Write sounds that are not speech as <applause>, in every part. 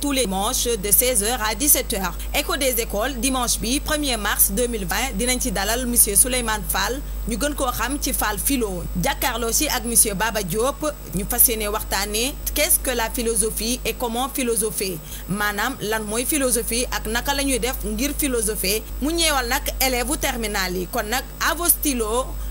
tous les dimanches de 16h à 17h écho des écoles dimanche bi 1er mars 2020 dinañ ci dalal monsieur Souleymane Fall ñu gën ko xam ci Fall Philo nous avons ak monsieur Baba Diop ñu qu'est-ce que la philosophie et comment philosopher Manam, lan moy philosophie ak naka lañuy def ngir philosopher mu ñeewal nak élèves terminal yi kon nak, à vos stylos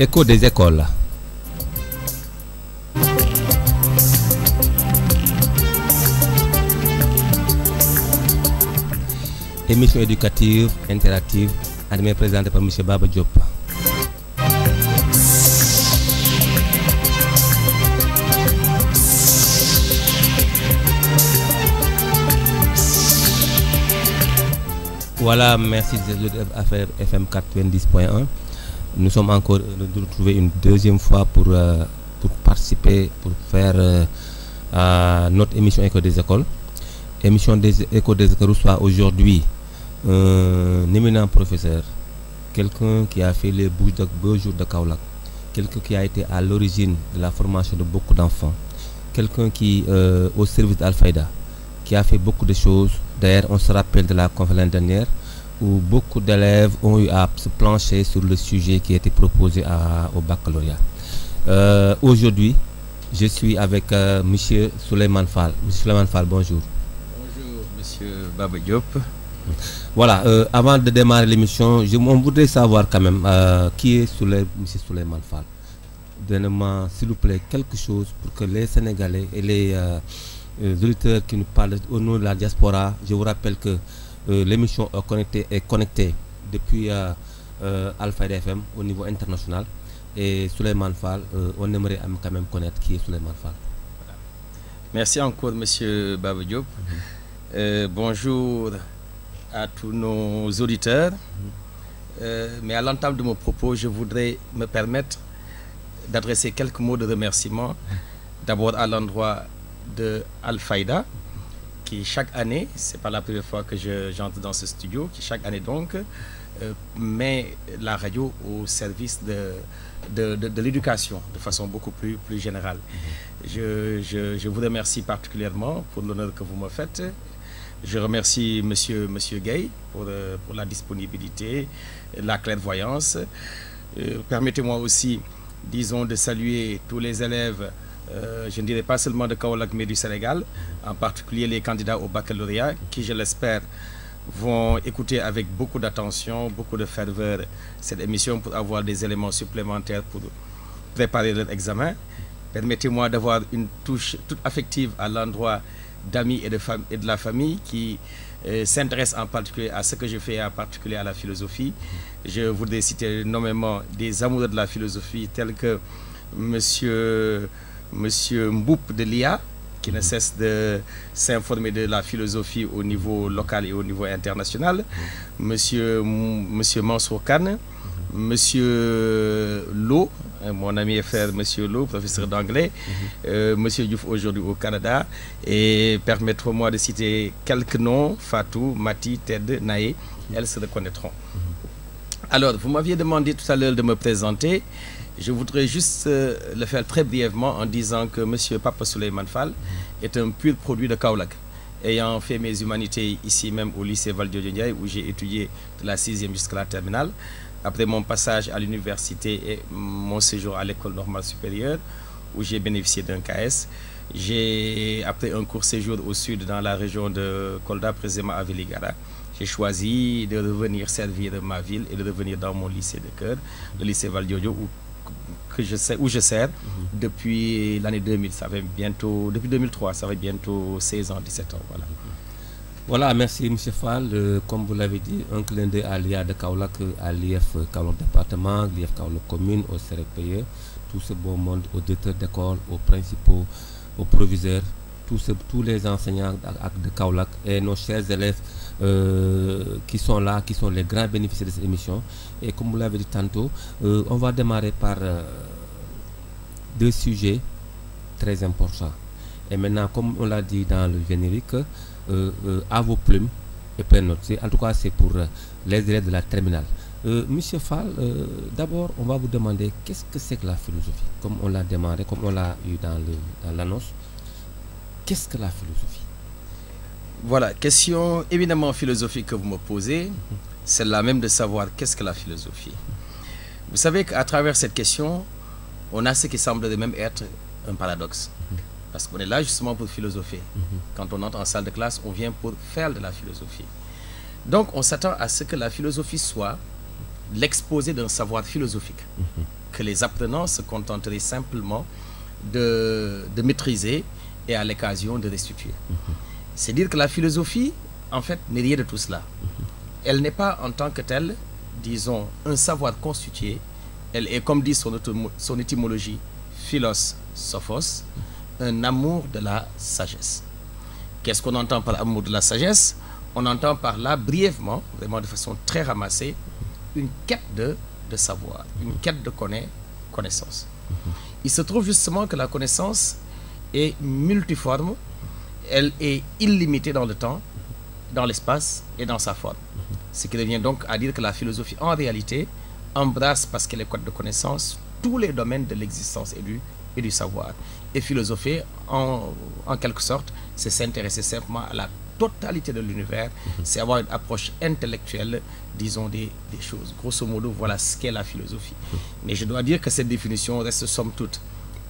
écho des écoles émission éducative interactive animée présentée par M. Baba Diop voilà merci de l'affaire FM 90.1 nous sommes encore de retrouver une deuxième fois pour, euh, pour participer, pour faire euh, notre émission École des écoles. Émission des des écoles reçoit aujourd'hui un éminent professeur, quelqu'un qui a fait les bouches de jours de Kaolak, quelqu'un qui a été à l'origine de la formation de beaucoup d'enfants, quelqu'un qui euh, au service dal qui a fait beaucoup de choses. D'ailleurs, on se rappelle de la conférence dernière où beaucoup d'élèves ont eu à se plancher sur le sujet qui était proposé au baccalauréat. Euh, aujourd'hui, je suis avec euh, Monsieur M. Fall. Monsieur Souleyman Fall, bonjour. Bonjour, Monsieur Baba Voilà, euh, avant de démarrer l'émission, on voudrait savoir quand même qui est M. Fall. Donnez-moi, s'il vous plaît, quelque chose pour que les Sénégalais et les auditeurs qui nous parlent au nom de la diaspora, je vous rappelle que euh, l'émission est connectée, depuis euh, euh Alpha FM au niveau international. Et Souleymane Fall, euh, on aimerait quand même connaître qui est sur Fall. Merci encore, Monsieur Babadjoub. Mm-hmm. bonjour à tous nos auditeurs. Mm-hmm. mais à l'entame de mon propos, je voudrais me permettre d'adresser quelques mots de remerciement, mm-hmm. d'abord à l'endroit de Al-Faïda, qui chaque année, c'est pas la première fois que j'entre dans ce studio, qui chaque année donc euh, met la radio au service de, de, l'éducation de façon beaucoup plus, plus générale. Mm-hmm. Je, je, je vous remercie particulièrement pour l'honneur que vous me faites. Je remercie M. Monsieur, monsieur Gay pour, euh, pour la disponibilité, la clairvoyance. Euh, permettez-moi aussi, disons, de saluer tous les élèves euh, je ne dirais pas seulement de Kaolak, mais du Sénégal, en particulier les candidats au baccalauréat, qui, je l'espère, vont écouter avec beaucoup d'attention, beaucoup de ferveur cette émission pour avoir des éléments supplémentaires pour préparer leur examen. Permettez-moi d'avoir une touche toute affective à l'endroit d'amis et, et de, la famille qui euh, s'intéressent en particulier à ce que je fais, en particulier à la philosophie. Je voudrais citer énormément des amoureux de la philosophie tels que Monsieur Monsieur Mboup de l'IA, qui ne cesse de s'informer de la philosophie au niveau local et au niveau international, Monsieur, Monsieur Mansour Khan, Monsieur Lou, euh, mon ami et frère Monsieur Lou, professeur d'anglais, euh, Monsieur Diouf aujourd'hui au Canada, et permettez-moi de citer quelques noms, Fatou, Mati, Ted, Naé, elles se reconnaîtront. Alors, vous m'aviez demandé tout à l'heure de me présenter. Je voudrais juste euh, le faire très brièvement en disant que M. Papa Souleyman Fall est un pur produit de Kaolak. Ayant fait mes humanités ici même au lycée val où j'ai étudié de la 6e jusqu'à la terminale, après mon passage à l'université et mon séjour à l'école normale supérieure, où j'ai bénéficié d'un KS, j'ai, après un court séjour au sud dans la région de Kolda, précisément à Veligara, j'ai choisi de revenir servir ma ville et de revenir dans mon lycée de cœur, le lycée val où que je sais, où je sers depuis l'année 2000, ça fait bientôt, depuis 2003, ça va bientôt 16 ans, 17 ans. Voilà, voilà merci M. Fall. Euh, comme vous l'avez dit, un clin d'œil à l'IA de Kaolak, euh, à l'IF euh, Kaolak département, l'IF Kaolak commune, au CRPE, tout ce beau monde, aux directeurs d'école, aux principaux, aux proviseurs, tous, tous les enseignants de Kaolak et nos chers élèves euh, qui sont là, qui sont les grands bénéficiaires de cette émission. Et comme vous l'avez dit tantôt, euh, on va démarrer par euh, deux sujets très importants. Et maintenant, comme on l'a dit dans le générique, à vos plumes et prenez note. En tout cas, c'est pour les élèves de la terminale. Monsieur Fall, d'abord, on va vous demander qu'est-ce que c'est que la philosophie Comme on l'a demandé, comme on l'a eu dans l'annonce, qu'est-ce que la philosophie voilà, question évidemment philosophique que vous me posez, c'est là même de savoir qu'est-ce que la philosophie. Vous savez qu'à travers cette question, on a ce qui semble même être un paradoxe. Parce qu'on est là justement pour philosopher. Quand on entre en salle de classe, on vient pour faire de la philosophie. Donc on s'attend à ce que la philosophie soit l'exposé d'un savoir philosophique, que les apprenants se contenteraient simplement de, de maîtriser et à l'occasion de restituer. C'est dire que la philosophie, en fait, n'est rien de tout cela. Elle n'est pas en tant que telle, disons, un savoir constitué. Elle est, comme dit son, son étymologie, philos, un amour de la sagesse. Qu'est-ce qu'on entend par amour de la sagesse On entend par là, brièvement, vraiment de façon très ramassée, une quête de, de savoir, une quête de connaissance. Il se trouve justement que la connaissance est multiforme, elle est illimitée dans le temps, dans l'espace et dans sa forme. Ce qui devient donc à dire que la philosophie, en réalité, embrasse, parce qu'elle est code de connaissance, tous les domaines de l'existence et du, et du savoir. Et philosopher, en, quelque sorte, c'est s'intéresser simplement à la totalité de l'univers, c'est avoir une approche intellectuelle, disons, des, des choses. Grosso modo, voilà ce qu'est la philosophie. Mais je dois dire que cette définition reste somme toute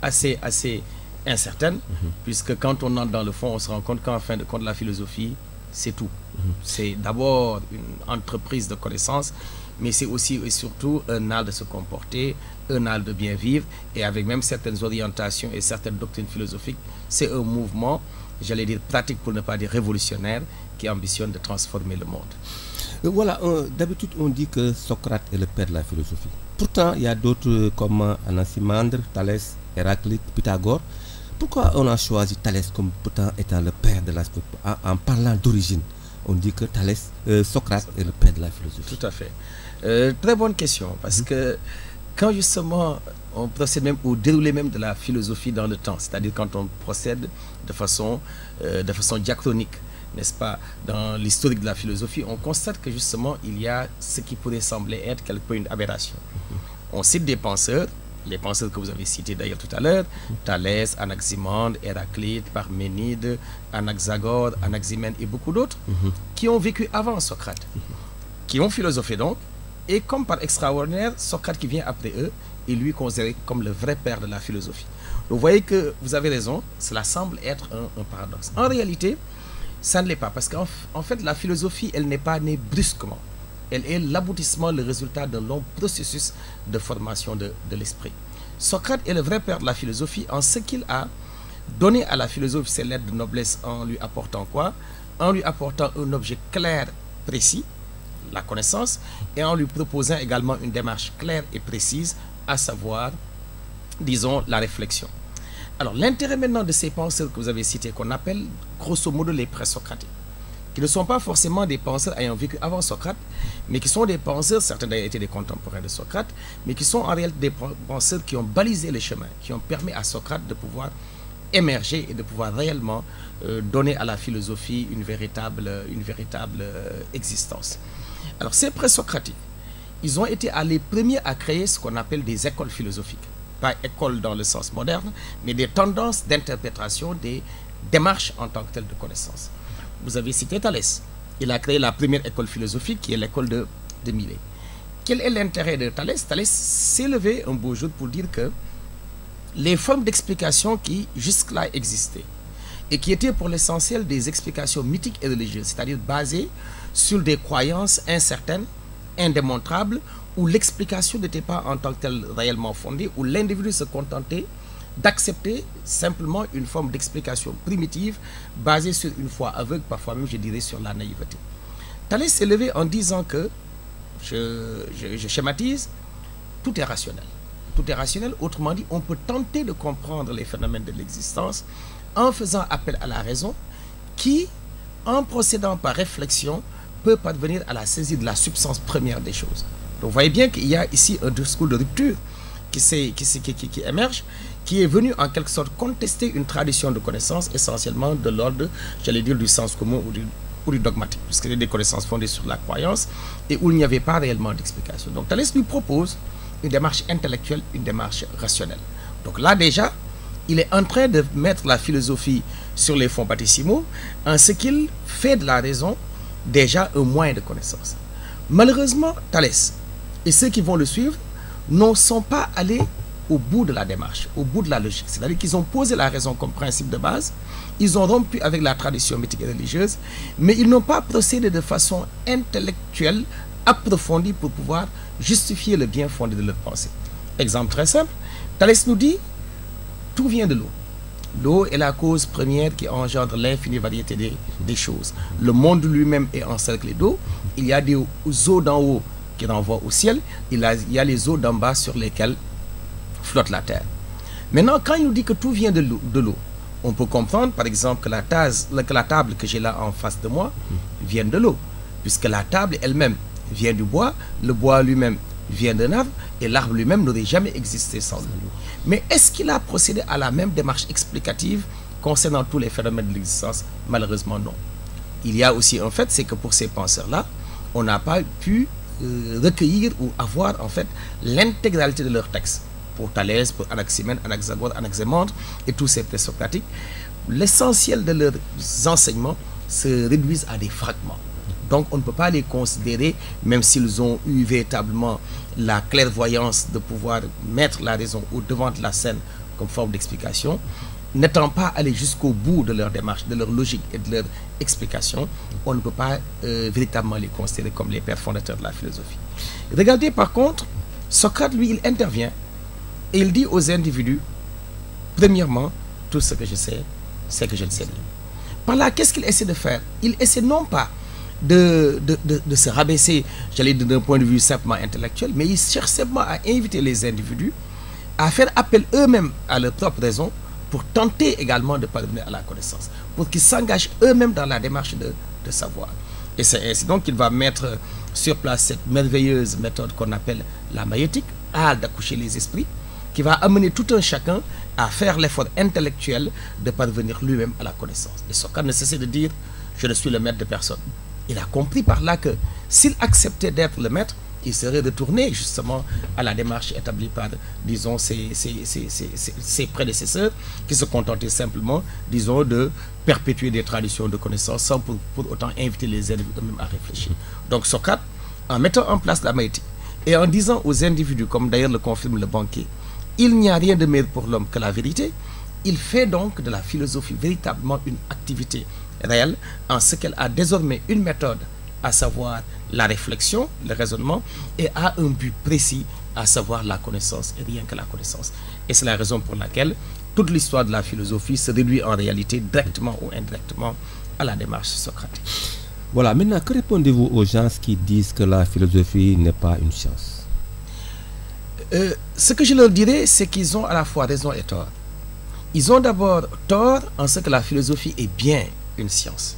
assez, assez, incertaine, mhm. puisque quand on entre dans le fond, on se rend compte qu'en fin de compte, la philosophie, c'est tout. Mhm. C'est d'abord une entreprise de connaissances, mais c'est aussi et surtout un art de se comporter, un art de bien vivre, et avec même certaines orientations et certaines doctrines philosophiques, c'est un mouvement, j'allais dire pratique pour ne pas dire révolutionnaire, qui ambitionne de transformer le monde. Euh, voilà, euh, d'habitude on dit que Socrate est le père de la philosophie. Pourtant, il y a d'autres euh, comme Anaximandre, Thalès, Héraclite, Pythagore pourquoi on a choisi Thalès comme pourtant étant le père de la philosophie en, parlant d'origine, on dit que Thalès, euh, Socrate est le père de la philosophie. Tout à fait. Euh, très bonne question, parce mm-hmm. que quand justement on procède même au déroulé même de la philosophie dans le temps, c'est-à-dire quand on procède de façon, euh, de façon diachronique, n'est-ce pas, dans l'historique de la philosophie, on constate que justement il y a ce qui pourrait sembler être quelque peu une aberration. Mm-hmm. On cite des penseurs, les penseurs que vous avez cités d'ailleurs tout à l'heure, Thalès, Anaximandre, Héraclite, Parménide, Anaxagore, Anaximène et beaucoup d'autres, mhm. qui ont vécu avant Socrate, qui ont philosophé donc, et comme par extraordinaire, Socrate qui vient après eux est lui considéré comme le vrai père de la philosophie. vous voyez que vous avez raison, cela semble être un, paradoxe. En réalité, ça ne l'est pas, parce qu'en fait, la philosophie, elle n'est pas née brusquement. Elle est l'aboutissement, le résultat d'un long processus de formation de, l'esprit. Socrate est le vrai père de la philosophie en ce qu'il a donné à la philosophie ses lettres de noblesse en lui apportant quoi En lui apportant un objet clair, précis, la connaissance, et en lui proposant également une démarche claire et précise, à savoir, disons, la réflexion. Alors l'intérêt maintenant de ces pensées que vous avez citées, qu'on appelle grosso modo les présocratiques, qui ne sont pas forcément des penseurs ayant vécu avant Socrate, mais qui sont des penseurs, certains d'ailleurs étaient des contemporains de Socrate, mais qui sont en réalité des penseurs qui ont balisé le chemin, qui ont permis à Socrate de pouvoir émerger et de pouvoir réellement euh, donner à la philosophie une véritable, euh, une véritable euh, existence. Alors ces pré-socratiques, ils ont été les premiers à créer ce qu'on appelle des écoles philosophiques. Pas école dans le sens moderne, mais des tendances d'interprétation des démarches en tant que telles de connaissances. Vous avez cité Thalès. Il a créé la première école philosophique qui est l'école de, de Millet. Quel est l'intérêt de Thalès Thalès s'est levé un beau jour pour dire que les formes d'explication qui jusque-là existaient et qui étaient pour l'essentiel des explications mythiques et religieuses, c'est-à-dire basées sur des croyances incertaines, indémontrables, où l'explication n'était pas en tant que telle réellement fondée, où l'individu se contentait d'accepter simplement une forme d'explication primitive basée sur une foi aveugle, parfois même je dirais sur la naïveté. Thalès s'est levé en disant que, je, je, schématise, tout est rationnel. Tout est rationnel, autrement dit, on peut tenter de comprendre les phénomènes de l'existence en faisant appel à la raison qui, en procédant par réflexion, peut parvenir à la saisie de la substance première des choses. Donc vous voyez bien qu'il y a ici un discours de rupture qui, qui, qui, qui émerge qui est venu en quelque sorte contester une tradition de connaissances essentiellement de l'ordre, j'allais dire, du sens commun ou du, ou du dogmatique, puisque des connaissances fondées sur la croyance et où il n'y avait pas réellement d'explication. Donc Thalès lui propose une démarche intellectuelle, une démarche rationnelle. Donc là déjà, il est en train de mettre la philosophie sur les fonds bâtissimaux en ce qu'il fait de la raison déjà un moyen de connaissance. Malheureusement, Thalès et ceux qui vont le suivre n'en sont pas allés au bout de la démarche, au bout de la logique. C'est-à-dire qu'ils ont posé la raison comme principe de base, ils ont rompu avec la tradition mythique et religieuse, mais ils n'ont pas procédé de façon intellectuelle approfondie pour pouvoir justifier le bien fondé de leur pensée. Exemple très simple, Thalès nous dit, tout vient de l'eau. L'eau est la cause première qui engendre l'infinie variété des, choses. Le monde lui-même est encerclé d'eau. Il y a des eaux d'en haut qui renvoient au ciel. Il y a, il y a les eaux d'en bas sur lesquelles flotte la terre. Maintenant, quand il nous dit que tout vient de l'eau, on peut comprendre, par exemple, que la, tasse, la table que j'ai là en face de moi vient de l'eau, puisque la table elle-même vient du bois, le bois lui-même vient d'un arbre, et l'arbre lui-même n'aurait jamais existé sans l'eau. Mais est-ce qu'il a procédé à la même démarche explicative concernant tous les phénomènes de l'existence Malheureusement, non. Il y a aussi un fait, c'est que pour ces penseurs-là, on n'a pas pu euh, recueillir ou avoir en fait l'intégralité de leur texte pour Thalès, pour Anaximène, Anaxagore, Anaximandre et tous ces pré-socratiques, l'essentiel de leurs enseignements se réduisent à des fragments. Donc on ne peut pas les considérer, même s'ils ont eu véritablement la clairvoyance de pouvoir mettre la raison au devant de la scène comme forme d'explication, n'étant pas allés jusqu'au bout de leur démarche, de leur logique et de leur explication, on ne peut pas euh, véritablement les considérer comme les pères fondateurs de la philosophie. Regardez par contre, Socrate, lui, il intervient il dit aux individus, premièrement, tout ce que je sais, c'est que je le sais rien. Par là, qu'est-ce qu'il essaie de faire Il essaie non pas de, se rabaisser, j'allais dire d'un point de vue simplement intellectuel, mais il cherche simplement à inviter les individus à faire appel eux-mêmes à leur propre raison pour tenter également de parvenir à la connaissance, pour qu'ils s'engagent eux-mêmes dans la démarche de, savoir. Et c'est ainsi donc qu'il va mettre sur place cette merveilleuse méthode qu'on appelle la maïotique, à d'accoucher les esprits, qui va amener tout un chacun à faire l'effort intellectuel de parvenir lui-même à la connaissance. Et Socrate ne cessait de dire, je ne suis le maître de personne. Il a compris par là que s'il acceptait d'être le maître, il serait retourné justement à la démarche établie par, disons, ses, prédécesseurs qui se contentaient simplement, disons, de perpétuer des traditions de connaissance sans pour, autant inviter les individus eux à réfléchir. Donc Socrate, en mettant en place la maïté et en disant aux individus, comme d'ailleurs le confirme le banquier, il n'y a rien de meilleur pour l'homme que la vérité. Il fait donc de la philosophie véritablement une activité réelle en ce qu'elle a désormais une méthode, à savoir la réflexion, le raisonnement, et a un but précis, à savoir la connaissance et rien que la connaissance. Et c'est la raison pour laquelle toute l'histoire de la philosophie se réduit en réalité directement ou indirectement à la démarche socratique. Voilà, maintenant, que répondez-vous aux gens qui disent que la philosophie n'est pas une science euh, ce que je leur dirais, c'est qu'ils ont à la fois raison et tort. Ils ont d'abord tort en ce que la philosophie est bien une science.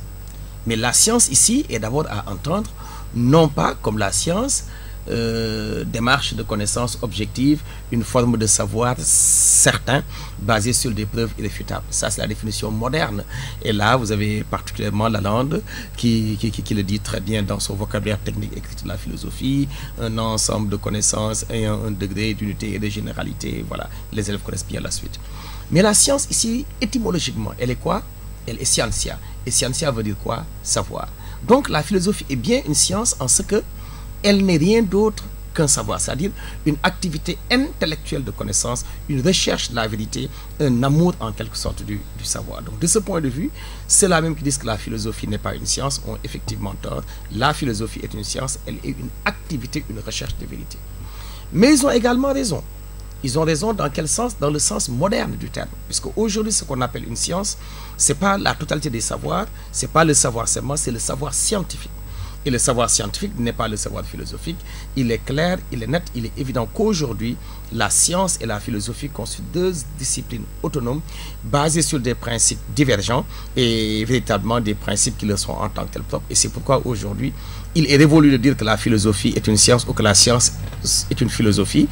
Mais la science ici est d'abord à entendre, non pas comme la science euh, démarche de connaissance objective, une forme de savoir certain basée sur des preuves irréfutables. Ça, c'est la définition moderne. Et là, vous avez particulièrement Lalande qui, le dit très bien dans son vocabulaire technique écrit de la philosophie, un ensemble de connaissances ayant un, degré d'unité et de généralité. Voilà, les élèves connaissent bien la suite. Mais la science ici, étymologiquement, elle est quoi Elle est scientia. Et scientia veut dire quoi Savoir. Donc la philosophie est bien une science en ce que elle n'est rien d'autre qu'un savoir, c'est-à-dire une activité intellectuelle de connaissance, une recherche de la vérité, un amour en quelque sorte du, savoir. Donc de ce point de vue, c'est là même qui disent que la philosophie n'est pas une science ont effectivement tort. La philosophie est une science, elle est une activité, une recherche de vérité. Mais ils ont également raison. Ils ont raison dans quel sens Dans le sens moderne du terme. Puisque aujourd'hui, ce qu'on appelle une science, ce n'est pas la totalité des savoirs, ce n'est pas le savoir seulement, c'est le savoir scientifique. Et le savoir scientifique n'est pas le savoir philosophique. Il est clair, il est net, il est évident qu'aujourd'hui, la science et la philosophie constituent deux disciplines autonomes basées sur des principes divergents et véritablement des principes qui le sont en tant que tel propres. Et c'est pourquoi aujourd'hui, il est révolu de dire que la philosophie est une science ou que la science est une philosophie.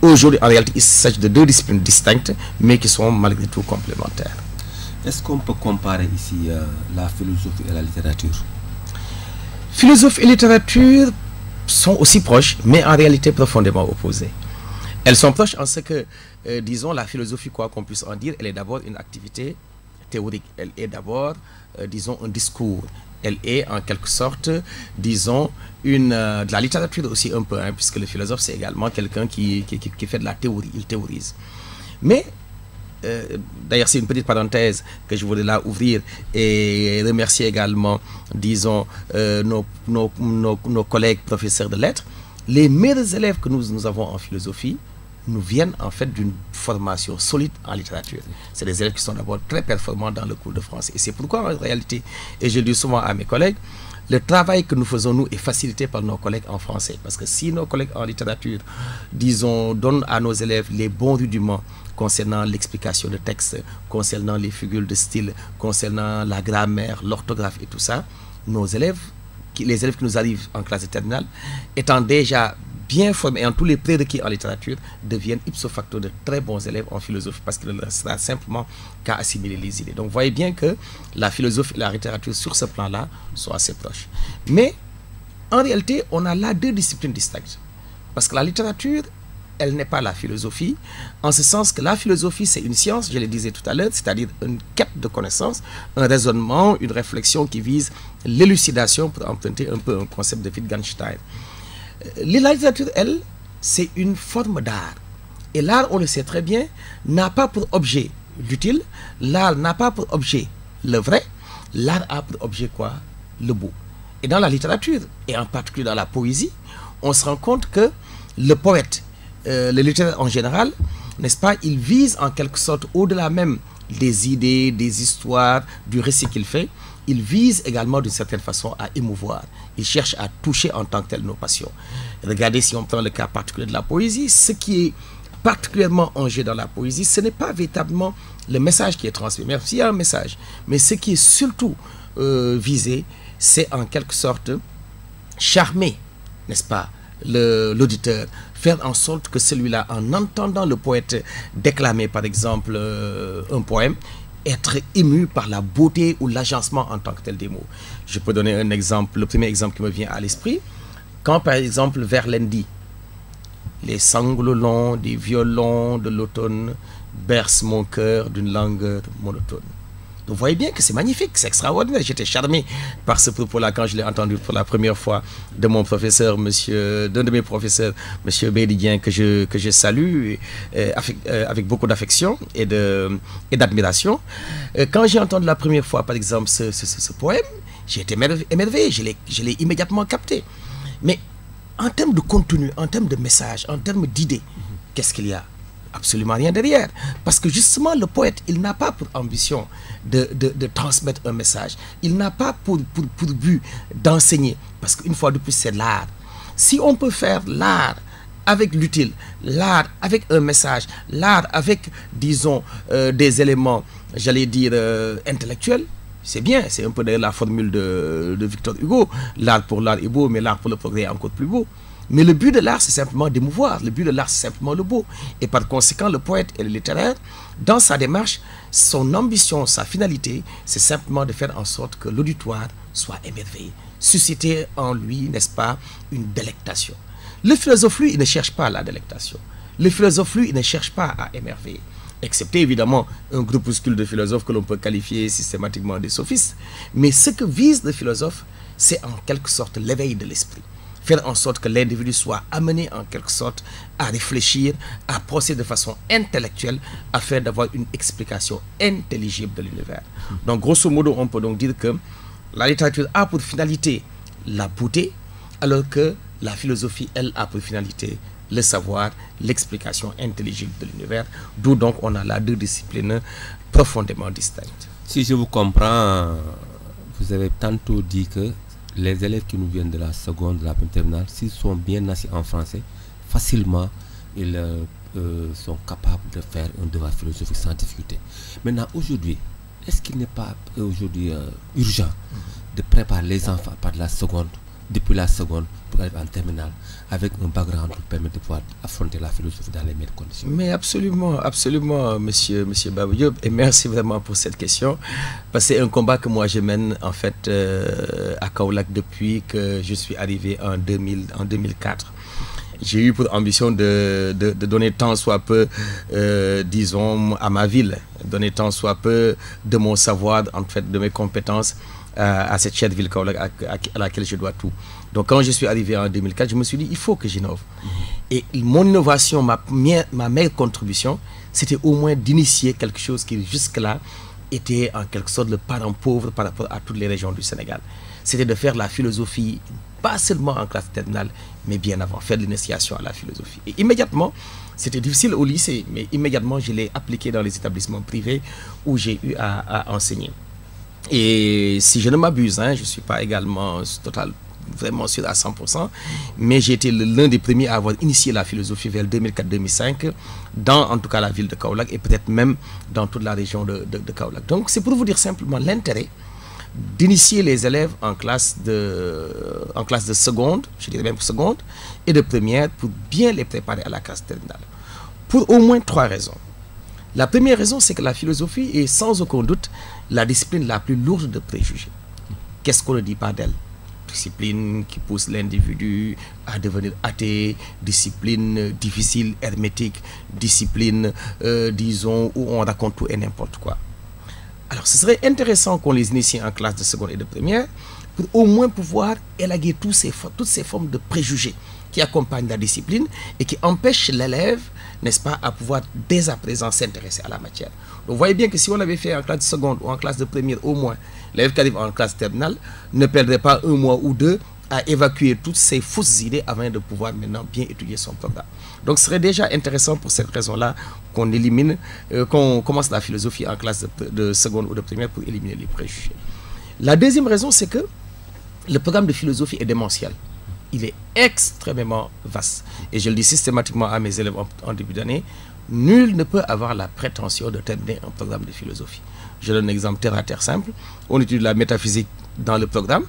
Aujourd'hui, en réalité, il s'agit de deux disciplines distinctes, mais qui sont malgré tout complémentaires. Est-ce qu'on peut comparer ici euh, la philosophie et la littérature Philosophie et littérature sont aussi proches, mais en réalité profondément opposées. Elles sont proches en ce que, euh, disons, la philosophie, quoi qu'on puisse en dire, elle est d'abord une activité théorique, elle est d'abord, euh, disons, un discours, elle est en quelque sorte, disons, une, euh, de la littérature aussi un peu, hein, puisque le philosophe, c'est également quelqu'un qui, qui, qui, fait de la théorie, il théorise. Mais euh, d'ailleurs c'est une petite parenthèse que je voulais là ouvrir et remercier également, disons, euh, nos, nos, nos, collègues professeurs de lettres. Les meilleurs élèves que nous, nous avons en philosophie nous viennent en fait d'une formation solide en littérature. C'est des élèves qui sont d'abord très performants dans le cours de français. Et c'est pourquoi en réalité, et je le dis souvent à mes collègues, le travail que nous faisons, nous, est facilité par nos collègues en français. Parce que si nos collègues en littérature, disons, donnent à nos élèves les bons rudiments concernant l'explication de texte, concernant les figures de style, concernant la grammaire, l'orthographe et tout ça, nos élèves, les élèves qui nous arrivent en classe éternelle, terminale, étant déjà bien formés en tous les prérequis en littérature, deviennent ipso facto de très bons élèves en philosophie parce qu'il ne restera simplement qu'à assimiler les idées. Donc voyez bien que la philosophie et la littérature sur ce plan-là sont assez proches. Mais en réalité, on a là deux disciplines distinctes. Parce que la littérature elle n'est pas la philosophie, en ce sens que la philosophie, c'est une science, je le disais tout à l'heure, c'est-à-dire une quête de connaissances, un raisonnement, une réflexion qui vise l'élucidation, pour emprunter un peu un concept de Wittgenstein. Euh, la littérature, elle, c'est une forme d'art. Et l'art, on le sait très bien, n'a pas pour objet l'utile, l'art n'a pas pour objet le vrai, l'art a pour objet quoi Le beau. Et dans la littérature, et en particulier dans la poésie, on se rend compte que le poète le euh, les en général, n'est-ce pas, il vise en quelque sorte au-delà même des idées, des histoires, du récit qu'il fait, il vise également d'une certaine façon à émouvoir. il cherche à toucher en tant que tel nos passions. Regardez si on prend le cas particulier de la poésie, ce qui est particulièrement en jeu dans la poésie, ce n'est pas véritablement le message qui est transmis, même s'il y a un message, mais ce qui est surtout euh, visé, c'est en quelque sorte charmer, n'est-ce pas, l'auditeur, faire en sorte que celui-là, en entendant le poète déclamer par exemple euh, un poème, être ému par la beauté ou l'agencement en tant que tel des mots. Je peux donner un exemple, le premier exemple qui me vient à l'esprit, quand par exemple Verlaine lundi, Les sanglots longs des violons de l'automne bercent mon cœur d'une langueur monotone. Vous voyez bien que c'est magnifique, c'est extraordinaire. J'étais charmé par ce propos-là quand je l'ai entendu pour la première fois de mon professeur, monsieur, d'un de mes professeurs, M. Béridien, que je, que salue euh, euh, avec, beaucoup d'affection et d'admiration. Et euh, quand j'ai entendu la première fois, par exemple, ce, poème, j'ai été émerveillé, je l'ai immédiatement capté. Mais en termes de contenu, en termes de message, en termes d'idées, qu'est-ce qu'il y a absolument rien derrière. Parce que justement, le poète, il n'a pas pour ambition de, transmettre un message. Il n'a pas pour, pour, but d'enseigner. Parce qu'une fois de plus, c'est l'art. Si on peut faire l'art avec l'utile, l'art avec un message, l'art avec, disons, euh, des éléments, j'allais dire, euh, intellectuels, c'est bien, c'est un peu la formule de, de Victor Hugo, l'art pour l'art est beau, mais l'art pour le progrès est encore plus beau. Mais le but de l'art, c'est simplement d'émouvoir. Le but de l'art, c'est simplement le beau. Et par conséquent, le poète et le littéraire, dans sa démarche, son ambition, sa finalité, c'est simplement de faire en sorte que l'auditoire soit émerveillé, susciter en lui, n'est-ce pas, une délectation. Le philosophe, lui, il ne cherche pas la délectation. Le philosophe, lui, il ne cherche pas à émerveiller excepté évidemment un groupuscule de philosophes que l'on peut qualifier systématiquement de sophistes. Mais ce que vise le philosophe, c'est en quelque sorte l'éveil de l'esprit faire en sorte que l'individu soit amené en quelque sorte à réfléchir, à procéder de façon intellectuelle, afin d'avoir une explication intelligible de l'univers. Donc grosso modo, on peut donc dire que la littérature a pour finalité la beauté, alors que la philosophie, elle, a pour finalité le savoir, l'explication intelligible de l'univers, d'où donc on a là deux disciplines profondément distinctes. Si je vous comprends, vous avez tantôt dit que les élèves qui nous viennent de la seconde, de la première terminale, s'ils sont bien assis en français, facilement, ils euh, euh, sont capables de faire un devoir philosophique sans difficulté. Maintenant, aujourd'hui, est-ce qu'il n'est pas euh, aujourd'hui urgent de préparer les enfants par de la seconde depuis la seconde pour arriver en terminale avec un background pour permettre de pouvoir affronter la philosophie dans les meilleures conditions Mais absolument, absolument, monsieur, monsieur et merci vraiment pour cette question, parce que c'est un combat que moi je mène en fait euh, à Kaolac depuis que je suis arrivé en, 2000, en 2004 j'ai eu pour ambition de, de, donner tant soit peu, euh, disons, à ma ville, donner tant soit peu de mon savoir, en fait, de mes compétences à, cette chère ville à, à, laquelle je dois tout. Donc quand je suis arrivé en 2004, je me suis dit, il faut que j'innove. Mhm. Et mon innovation, ma, meilleure contribution, c'était au moins d'initier quelque chose qui jusque-là était en quelque sorte le parent pauvre par rapport à toutes les régions du Sénégal. C'était de faire la philosophie, pas seulement en classe terminale, mais bien avant, faire l'initiation à la philosophie. Et immédiatement, c'était difficile au lycée, mais immédiatement, je l'ai appliqué dans les établissements privés où j'ai eu à enseigner. Et si je ne m'abuse, hein, je ne suis pas également euh, total, vraiment sûr à 100%, mais j'ai été l'un des premiers à avoir initié la philosophie vers 2004-2005, dans en tout cas la ville de Kaolack et peut-être même dans toute la région de, de, Donc c'est pour vous dire simplement l'intérêt d'initier les élèves en classe, de, en classe de seconde, je dirais même seconde, et de première pour bien les préparer à la classe terminale. Pour au moins trois raisons. La première raison, c'est que la philosophie est sans aucun doute la discipline la plus lourde de préjugés. Qu'est-ce qu'on ne dit pas d'elle Discipline qui pousse l'individu à devenir athée, discipline difficile, hermétique, discipline, euh, disons, où on raconte tout et n'importe quoi. Alors, ce serait intéressant qu'on les initie en classe de seconde et de première pour au moins pouvoir élaguer toutes ces formes de préjugés qui accompagnent la discipline et qui empêchent l'élève n'est-ce pas, à pouvoir dès à présent s'intéresser à la matière. vous voyez bien que si on avait fait en classe de seconde ou en classe de première au moins, l'élève qui arrive en classe terminale ne perdrait pas un mois ou deux à évacuer toutes ces fausses idées avant de pouvoir maintenant bien étudier son programme. Donc ce serait déjà intéressant pour cette raison-là qu'on élimine, euh, qu'on commence la philosophie en classe de, seconde ou de première pour éliminer les préjugés. La deuxième raison, c'est que le programme de philosophie est démentiel il est extrêmement vaste. Et je le dis systématiquement à mes élèves en, début d'année, nul ne peut avoir la prétention de terminer un programme de philosophie. Je donne un exemple terre à terre simple. On étudie la métaphysique dans le programme.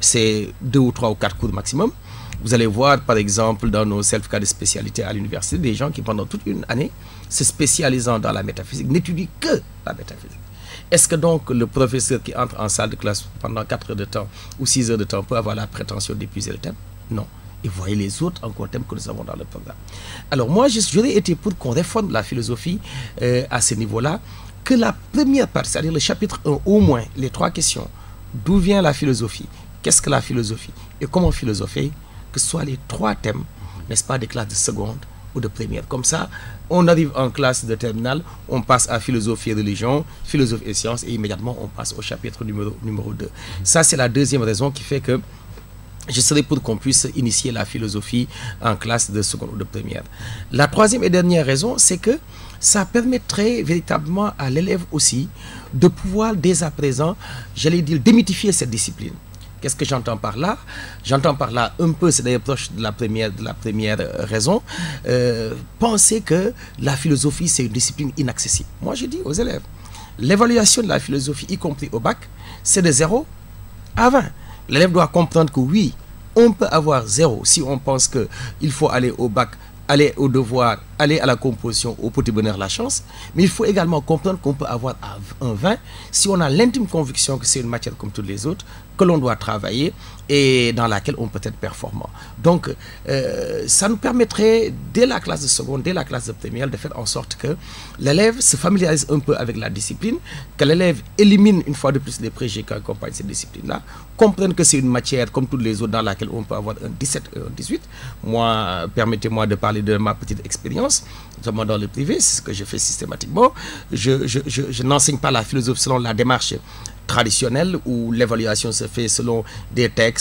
C'est deux ou trois ou quatre cours maximum. Vous allez voir, par exemple, dans nos self-cas de spécialité à l'université, des gens qui, pendant toute une année, se spécialisant dans la métaphysique, n'étudient que la métaphysique. Est-ce que donc le professeur qui entre en salle de classe pendant 4 heures de temps ou 6 heures de temps peut avoir la prétention d'épuiser le thème Non. Et voyez les autres encore thèmes que nous avons dans le programme. Alors moi, j'aurais été pour qu'on réforme la philosophie euh, à ce niveau-là, que la première partie, c'est-à-dire le chapitre 1, au moins les trois questions, d'où vient la philosophie, qu'est-ce que la philosophie et comment philosopher, que ce soit les trois thèmes, n'est-ce pas, des classes de seconde, ou de première. Comme ça, on arrive en classe de terminale, on passe à philosophie et religion, philosophie et sciences, et immédiatement, on passe au chapitre numéro, numéro 2. Ça, c'est la deuxième raison qui fait que je serai pour qu'on puisse initier la philosophie en classe de seconde ou de première. La troisième et dernière raison, c'est que ça permettrait véritablement à l'élève aussi de pouvoir dès à présent, j'allais dire, démythifier cette discipline. Qu'est-ce que j'entends par là J'entends par là un peu, c'est d'ailleurs proche de la première, de la première euh, raison, euh, penser que la philosophie, c'est une discipline inaccessible. Moi, je dis aux élèves, l'évaluation de la philosophie, y compris au bac, c'est de 0 à 20. L'élève doit comprendre que oui, on peut avoir zéro si on pense qu'il faut aller au bac aller au devoir, aller à la composition, au petit bonheur, la chance. Mais il faut également comprendre qu'on peut avoir un 20 si on a l'intime conviction que c'est une matière comme toutes les autres, que l'on doit travailler et dans laquelle on peut être performant. Donc, euh, ça nous permettrait, dès la classe de seconde, dès la classe de première, de faire en sorte que l'élève se familiarise un peu avec la discipline, que l'élève élimine une fois de plus les préjugés qui accompagnent cette discipline-là, comprenne que c'est une matière comme toutes les autres dans laquelle on peut avoir un 17 et euh, un 18. Moi, permettez-moi de parler de ma petite expérience, notamment dans le privé, ce que je fais systématiquement. je n'enseigne pas la philosophie selon la démarche traditionnelle où l'évaluation se fait selon des textes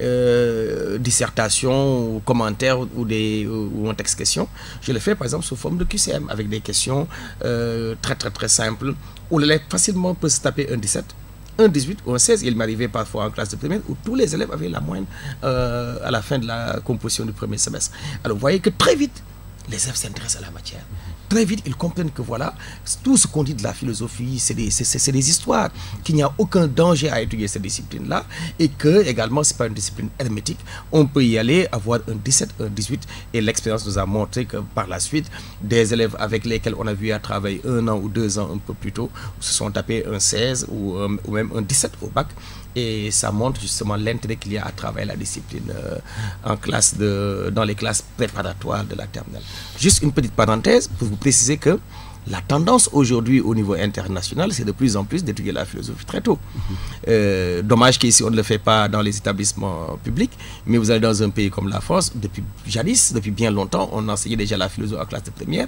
euh, dissertation ou commentaire ou, des, ou un texte question. Je le fais par exemple sous forme de QCM avec des questions euh, très très très simples où l'élève facilement peut se taper un 17 un 18 ou un 16. Il m'arrivait parfois en classe de première où tous les élèves avaient la moindre euh, à la fin de la composition du premier semestre. Alors vous voyez que très vite, les élèves s'intéressent à la matière. Très vite, ils comprennent que voilà, tout ce qu'on dit de la philosophie, c'est des, histoires, qu'il n'y a aucun danger à étudier cette discipline-là, et que également, ce n'est pas une discipline hermétique. On peut y aller, avoir un 17, un 18, et l'expérience nous a montré que par la suite, des élèves avec lesquels on a vu à travailler un an ou deux ans un peu plus tôt, se sont tapés un 16 ou, euh, ou même un 17 au bac, et ça montre justement l'intérêt qu'il y a à travailler la discipline euh, en classe dans les classes préparatoires de la terminale. Juste une petite parenthèse pour vous préciser que la tendance aujourd'hui au niveau international, c'est de plus en plus d'étudier la philosophie très tôt. Mm-hmm. Euh, dommage qu'ici on ne le fait pas dans les établissements publics, mais vous allez dans un pays comme la France, depuis jadis, depuis bien longtemps, on enseignait déjà la philosophie en classe de première.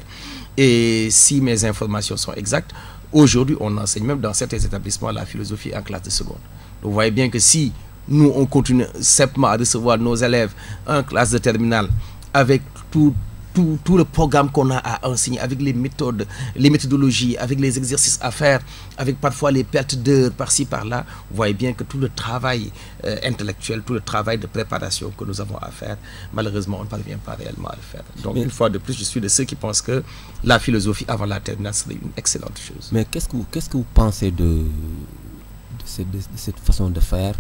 Et si mes informations sont exactes, aujourd'hui on enseigne même dans certains établissements la philosophie en classe de seconde. Vous voyez bien que si nous, on continue simplement à recevoir nos élèves en classe de terminale avec tout, tout, le programme qu'on a à enseigner, avec les méthodes, les méthodologies, avec les exercices à faire, avec parfois les pertes d'heures par-ci, par-là, vous voyez bien que tout le travail euh, intellectuel, tout le travail de préparation que nous avons à faire, malheureusement, on ne parvient pas réellement à le faire. Donc, une fois de plus, je suis de ceux qui pensent que la philosophie avant la terminale serait une excellente chose. Mais qu'est-ce qu'est-ce que vous pensez de cette, cette façon de faire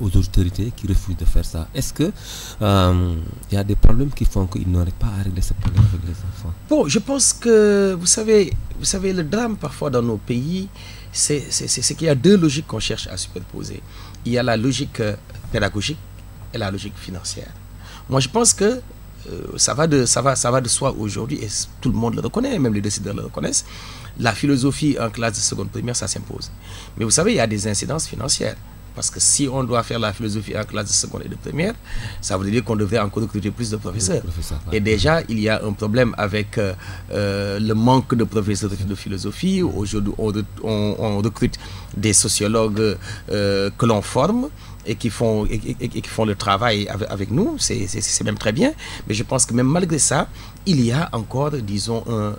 aux, autorités qui refusent de faire ça Est-ce que il euh, y a des problèmes qui font qu'ils n'auraient pas à régler ce problème avec les enfants Bon, je pense que vous savez, vous savez le drame parfois dans nos pays, c'est qu'il y a deux logiques qu'on cherche à superposer. Il y a la logique euh, pédagogique et la logique financière. Moi, je pense que euh, ça va de ça va ça va de soi aujourd'hui et tout le monde le reconnaît, même les décideurs le reconnaissent. La philosophie en classe de seconde première, ça s'impose. Mais vous savez, il y a des incidences financières. Parce que si on doit faire la philosophie en classe de seconde et de première, ça veut dire qu'on devrait encore recruter plus de professeurs. Et déjà, il y a un problème avec euh, euh, le manque de professeurs de philosophie. Aujourd'hui, on, recrute des sociologues euh, que l'on forme et qui font, et, qui font le travail avec, avec nous. C'est même très bien. Mais je pense que même malgré ça, il y a encore, disons, un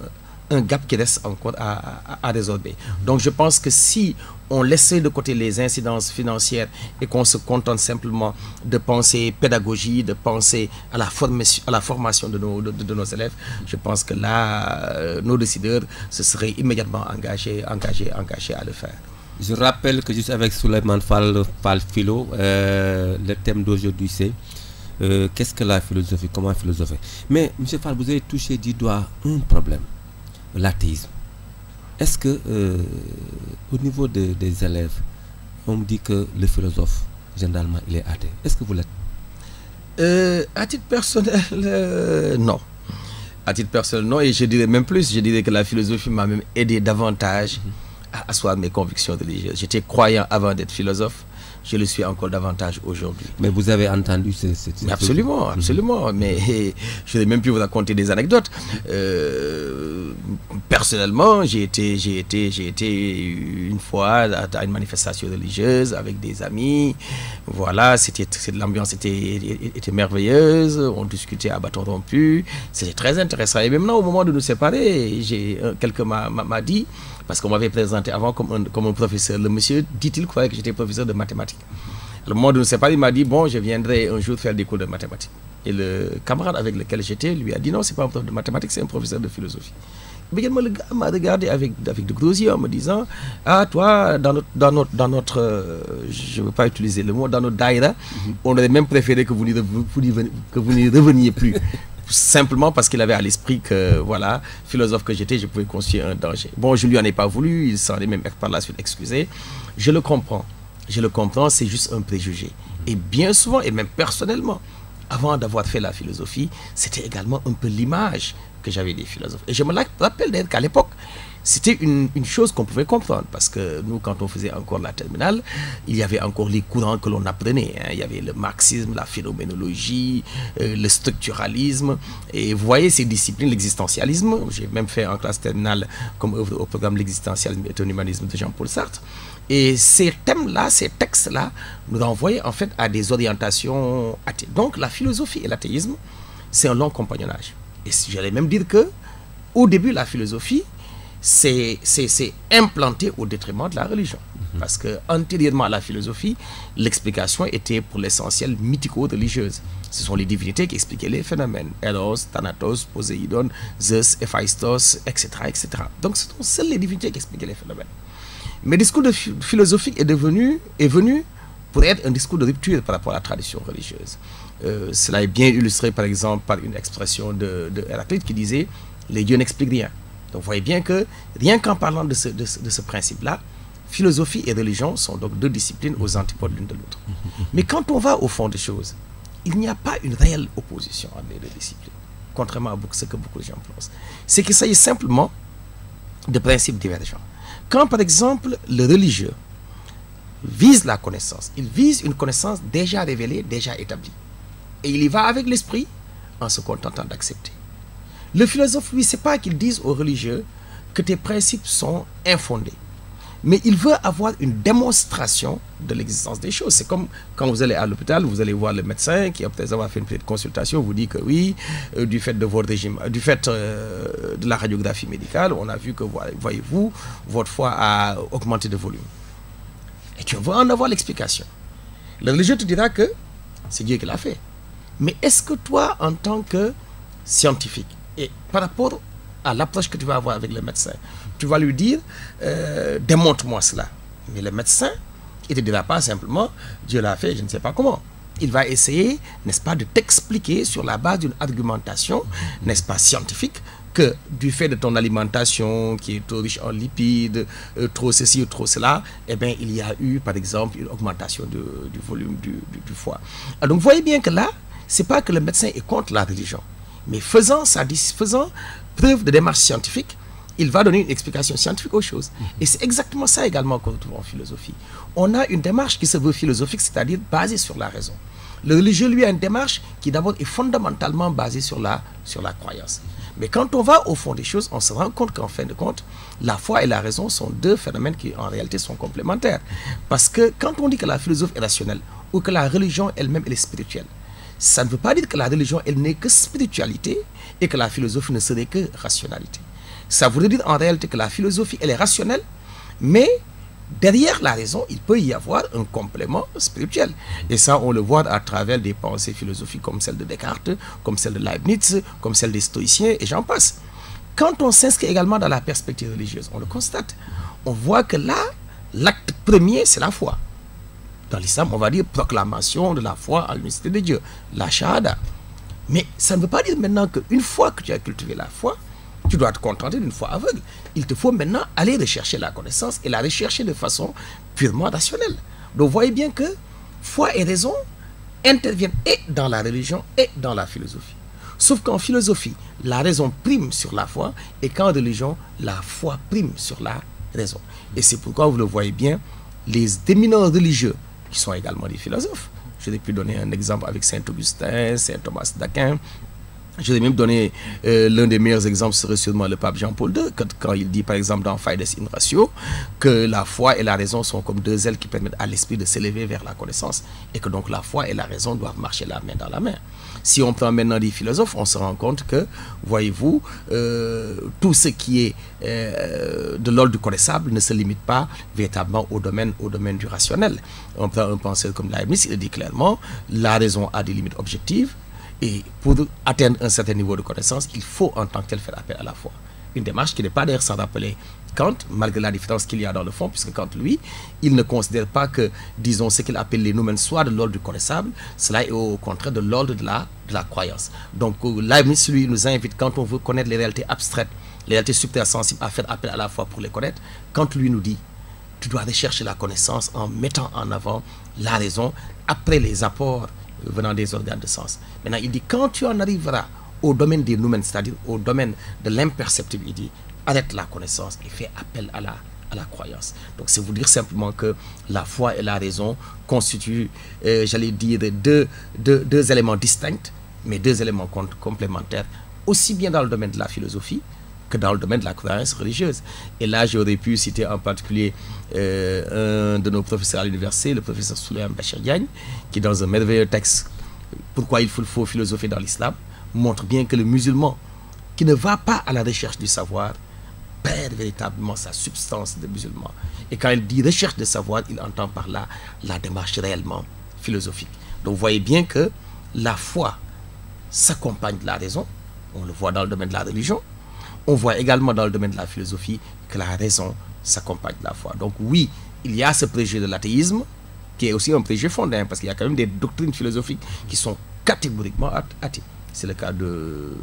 un gap qui reste encore à, à, résorber. Donc je pense que si on laissait de côté les incidences financières et qu'on se contente simplement de penser pédagogie, de penser à la formation, à la formation de, nos, de, nos élèves, je pense que là, euh, nos décideurs se seraient immédiatement engagés, engagés, engagés à le faire. Je rappelle que juste avec Souleymane Fall, Philo, euh, le thème d'aujourd'hui c'est euh, qu'est-ce que la philosophie, comment philosopher. Mais M. Fall, vous avez touché du doigt un problème l'athéisme. Est-ce que euh, au niveau des élèves, on me dit que le philosophe, généralement, il est athée. Est-ce que vous l'êtes euh, À titre personnel, euh, non. À titre personnel, non. Et je dirais même plus, je dirais que la philosophie m'a même aidé davantage mm-hmm. à asseoir mes convictions religieuses. J'étais croyant avant d'être philosophe je le suis encore davantage aujourd'hui. Mais vous avez entendu ce, Absolument, absolument. Mm-hmm. Mais <laughs> je vais même plus vous raconter des anecdotes. Euh, personnellement, j'ai été, j'ai été, j'ai été une fois à, une manifestation religieuse avec des amis. Voilà, c'était, l'ambiance était, était merveilleuse. On discutait à bâton rompu. C'était très intéressant. Et maintenant, au moment de nous séparer, j'ai, quelqu'un m'a dit. Parce qu'on m'avait présenté avant comme un, comme un professeur. Le monsieur, dit-il, croyait que j'étais professeur de mathématiques. Le monde ne sait pas, il m'a dit, bon, je viendrai un jour faire des cours de mathématiques. Et le camarade avec lequel j'étais lui a dit, non, c'est pas un prof de mathématiques, c'est un professeur de philosophie. Mais également, le m'a regardé avec, avec de gros yeux en me disant Ah, toi, dans notre, dans notre, dans notre euh, je ne veux pas utiliser le mot, dans notre daïra, mhm. on aurait même préféré que vous n'y reveniez plus. <laughs> simplement parce qu'il avait à l'esprit que, voilà, philosophe que j'étais, je pouvais constituer un danger. Bon, je ne lui en ai pas voulu, il s'en est même par la suite excusé. Je le comprends. Je le comprends, c'est juste un préjugé. Et bien souvent, et même personnellement, avant d'avoir fait la philosophie, c'était également un peu l'image que j'avais des philosophes. Et je me rappelle d'être qu'à l'époque, c'était une, une, chose qu'on pouvait comprendre parce que nous, quand on faisait encore la terminale, il y avait encore les courants que l'on apprenait. Hein. Il y avait le marxisme, la phénoménologie, euh, le structuralisme. Et voyez ces disciplines, l'existentialisme. J'ai même fait en classe terminale comme œuvre au programme l'existentialisme et l'humanisme de Jean-Paul Sartre. Et ces thèmes-là, ces textes-là, nous renvoyaient en fait à des orientations athées. Donc la philosophie et l'athéisme, c'est un long compagnonnage. Et j'allais même dire que, au début, la philosophie, c'est implanté au détriment de la religion. Mhm. Parce que antérieurement à la philosophie, l'explication était pour l'essentiel mythico-religieuse. Ce sont les divinités qui expliquaient les phénomènes. Eros, Thanatos, Poséidon, Zeus, Héphaïstos, etc., etc. Donc ce sont seules les divinités qui expliquaient les phénomènes. Mais le discours philosophique est, devenu, est venu pour être un discours de rupture par rapport à la tradition religieuse. Euh, cela est bien illustré par exemple par une expression de, de qui disait « les dieux n'expliquent rien » vous voyez bien que rien qu'en parlant de ce, de ce principe-là, philosophie et religion sont donc deux disciplines aux antipodes l'une de l'autre. <laughs> Mais quand on va au fond des choses, il n'y a pas une réelle opposition entre les deux disciplines, contrairement à ce que beaucoup de gens pensent. C'est qu'il s'agit simplement de principes divergents. Quand par exemple le religieux vise la connaissance, il vise une connaissance déjà révélée, déjà établie. Et il y va avec l'esprit en se contentant d'accepter. Le philosophe, lui, n'est pas qu'il dise aux religieux que tes principes sont infondés. Mais il veut avoir une démonstration de l'existence des choses. C'est comme quand vous allez à l'hôpital, vous allez voir le médecin qui, après avoir fait une petite consultation, vous dit que oui, euh, du fait de votre régime, du fait euh, de la radiographie médicale, on a vu que, voyez-vous, votre foie a augmenté de volume. Et tu veux en avoir l'explication. Le religieux te dira que c'est Dieu qui l'a fait. Mais est-ce que toi, en tant que scientifique, et par rapport à l'approche que tu vas avoir avec le médecin, tu vas lui dire, euh, démontre-moi cela. Mais le médecin, il ne te dira pas simplement, Dieu l'a fait, je ne sais pas comment. Il va essayer, n'est-ce pas, de t'expliquer sur la base d'une argumentation, n'est-ce pas, scientifique, que du fait de ton alimentation qui est trop riche en lipides, euh, trop ceci ou trop cela, eh bien, il y a eu, par exemple, une augmentation du volume du, foie. Alors, ah, vous voyez bien que là, c'est pas que le médecin est contre la religion. Mais faisant, ça, faisant preuve de démarche scientifique, il va donner une explication scientifique aux choses. Mhm. Et c'est exactement ça également qu'on retrouve en philosophie. On a une démarche qui se veut philosophique, c'est-à-dire basée sur la raison. Le religieux, lui, a une démarche qui d'abord est fondamentalement basée sur la, sur la croyance. Mais quand on va au fond des choses, on se rend compte qu'en fin de compte, la foi et la raison sont deux phénomènes qui en réalité sont complémentaires. Parce que quand on dit que la philosophie est rationnelle ou que la religion elle-même est spirituelle, ça ne veut pas dire que la religion, elle n'est que spiritualité et que la philosophie ne serait que rationalité. Ça voudrait dire en réalité que la philosophie, elle est rationnelle, mais derrière la raison, il peut y avoir un complément spirituel. Et ça, on le voit à travers des pensées philosophiques comme celle de Descartes, comme celle de Leibniz, comme celle des stoïciens, et j'en passe. Quand on s'inscrit également dans la perspective religieuse, on le constate. On voit que là, l'acte premier, c'est la foi dans l'islam, on va dire proclamation de la foi à l'unité de Dieu, la shahada. Mais ça ne veut pas dire maintenant qu'une fois que tu as cultivé la foi, tu dois te contenter d'une foi aveugle. Il te faut maintenant aller rechercher la connaissance et la rechercher de façon purement rationnelle. Donc, vous voyez bien que foi et raison interviennent et dans la religion et dans la philosophie. Sauf qu'en philosophie, la raison prime sur la foi et qu'en religion, la foi prime sur la raison. Et c'est pourquoi vous le voyez bien, les déminants religieux qui sont également des philosophes. Je vais pu donner un exemple avec Saint Augustin, Saint Thomas d'Aquin, je vais même donner euh, l'un des meilleurs exemples serait sûrement le pape Jean-Paul II, quand, il dit par exemple dans Fides in Ratio que la foi et la raison sont comme deux ailes qui permettent à l'esprit de s'élever vers la connaissance et que donc la foi et la raison doivent marcher la main dans la main. Si on prend maintenant des philosophes, on se rend compte que, voyez-vous, euh, tout ce qui est euh, de l'ordre du connaissable ne se limite pas véritablement au domaine, au domaine du rationnel. On prend un penseur comme Leibniz, il dit clairement, la raison a des limites objectives, et pour atteindre un certain niveau de connaissance, il faut en tant que tel faire appel à la foi. Une démarche qui n'est pas d'ailleurs sans rappeler Kant, malgré la différence qu'il y a dans le fond, puisque Kant, lui, il ne considère pas que, disons, ce qu'il appelle les noumens soit de l'ordre du connaissable, cela est au contraire de l'ordre de la, la croyance. Donc, euh, Leibniz, lui, nous invite, quand on veut connaître les réalités abstraites, les réalités supra sensibles, à faire appel à la foi pour les connaître, Kant, lui, nous dit, tu dois rechercher la connaissance en mettant en avant la raison après les apports venant des organes de sens. Maintenant, il dit, quand tu en arriveras au domaine des noumens, c'est-à-dire au domaine de l'imperceptible, il dit, arrête la connaissance et fais appel à la, à la croyance. Donc, c'est vous dire simplement que la foi et la raison constituent, euh, j'allais dire, deux, deux, deux éléments distincts, mais deux éléments complémentaires, aussi bien dans le domaine de la philosophie, que dans le domaine de la croyance religieuse. Et là, j'aurais pu citer en particulier euh, un de nos professeurs à l'université, le professeur Souleymane Bachir Diagne, qui dans un merveilleux texte Pourquoi il faut, faut philosopher dans l'islam, montre bien que le musulman qui ne va pas à la recherche du savoir perd véritablement sa substance de musulman. Et quand il dit recherche de savoir, il entend par là la démarche réellement philosophique. Donc vous voyez bien que la foi s'accompagne de la raison, on le voit dans le domaine de la religion, on voit également dans le domaine de la philosophie que la raison s'accompagne de la foi. Donc oui, il y a ce préjugé de l'athéisme, qui est aussi un préjugé fondé, hein, parce qu'il y a quand même des doctrines philosophiques qui sont catégoriquement athées. C'est le cas de,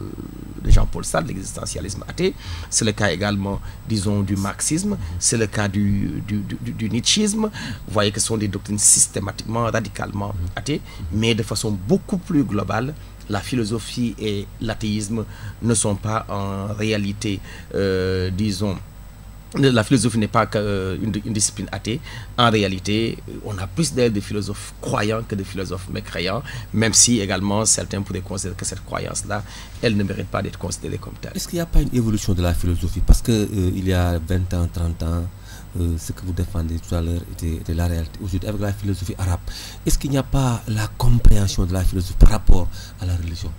Jean-Paul Sartre, l'existentialisme athée. C'est le cas également, disons, du marxisme. C'est le cas du, du, du, du Vous voyez que ce sont des doctrines systématiquement, radicalement athées, mais de façon beaucoup plus globale, la philosophie et l'athéisme ne sont pas en réalité, euh, disons, la philosophie n'est pas euh, une, une, discipline athée. En réalité, on a plus d'aide de philosophes croyants que de philosophes mécréants, même si également certains pourraient considérer que cette croyance-là, elle ne mérite pas d'être considérée comme telle. Est-ce qu'il n'y a pas une évolution de la philosophie Parce qu'il euh, y a 20 ans, 30 ans, euh, ce que vous défendez tout à l'heure était, la réalité aujourd'hui avec la philosophie arabe. Est-ce qu'il n'y a pas la compréhension de la philosophie par rapport à la religion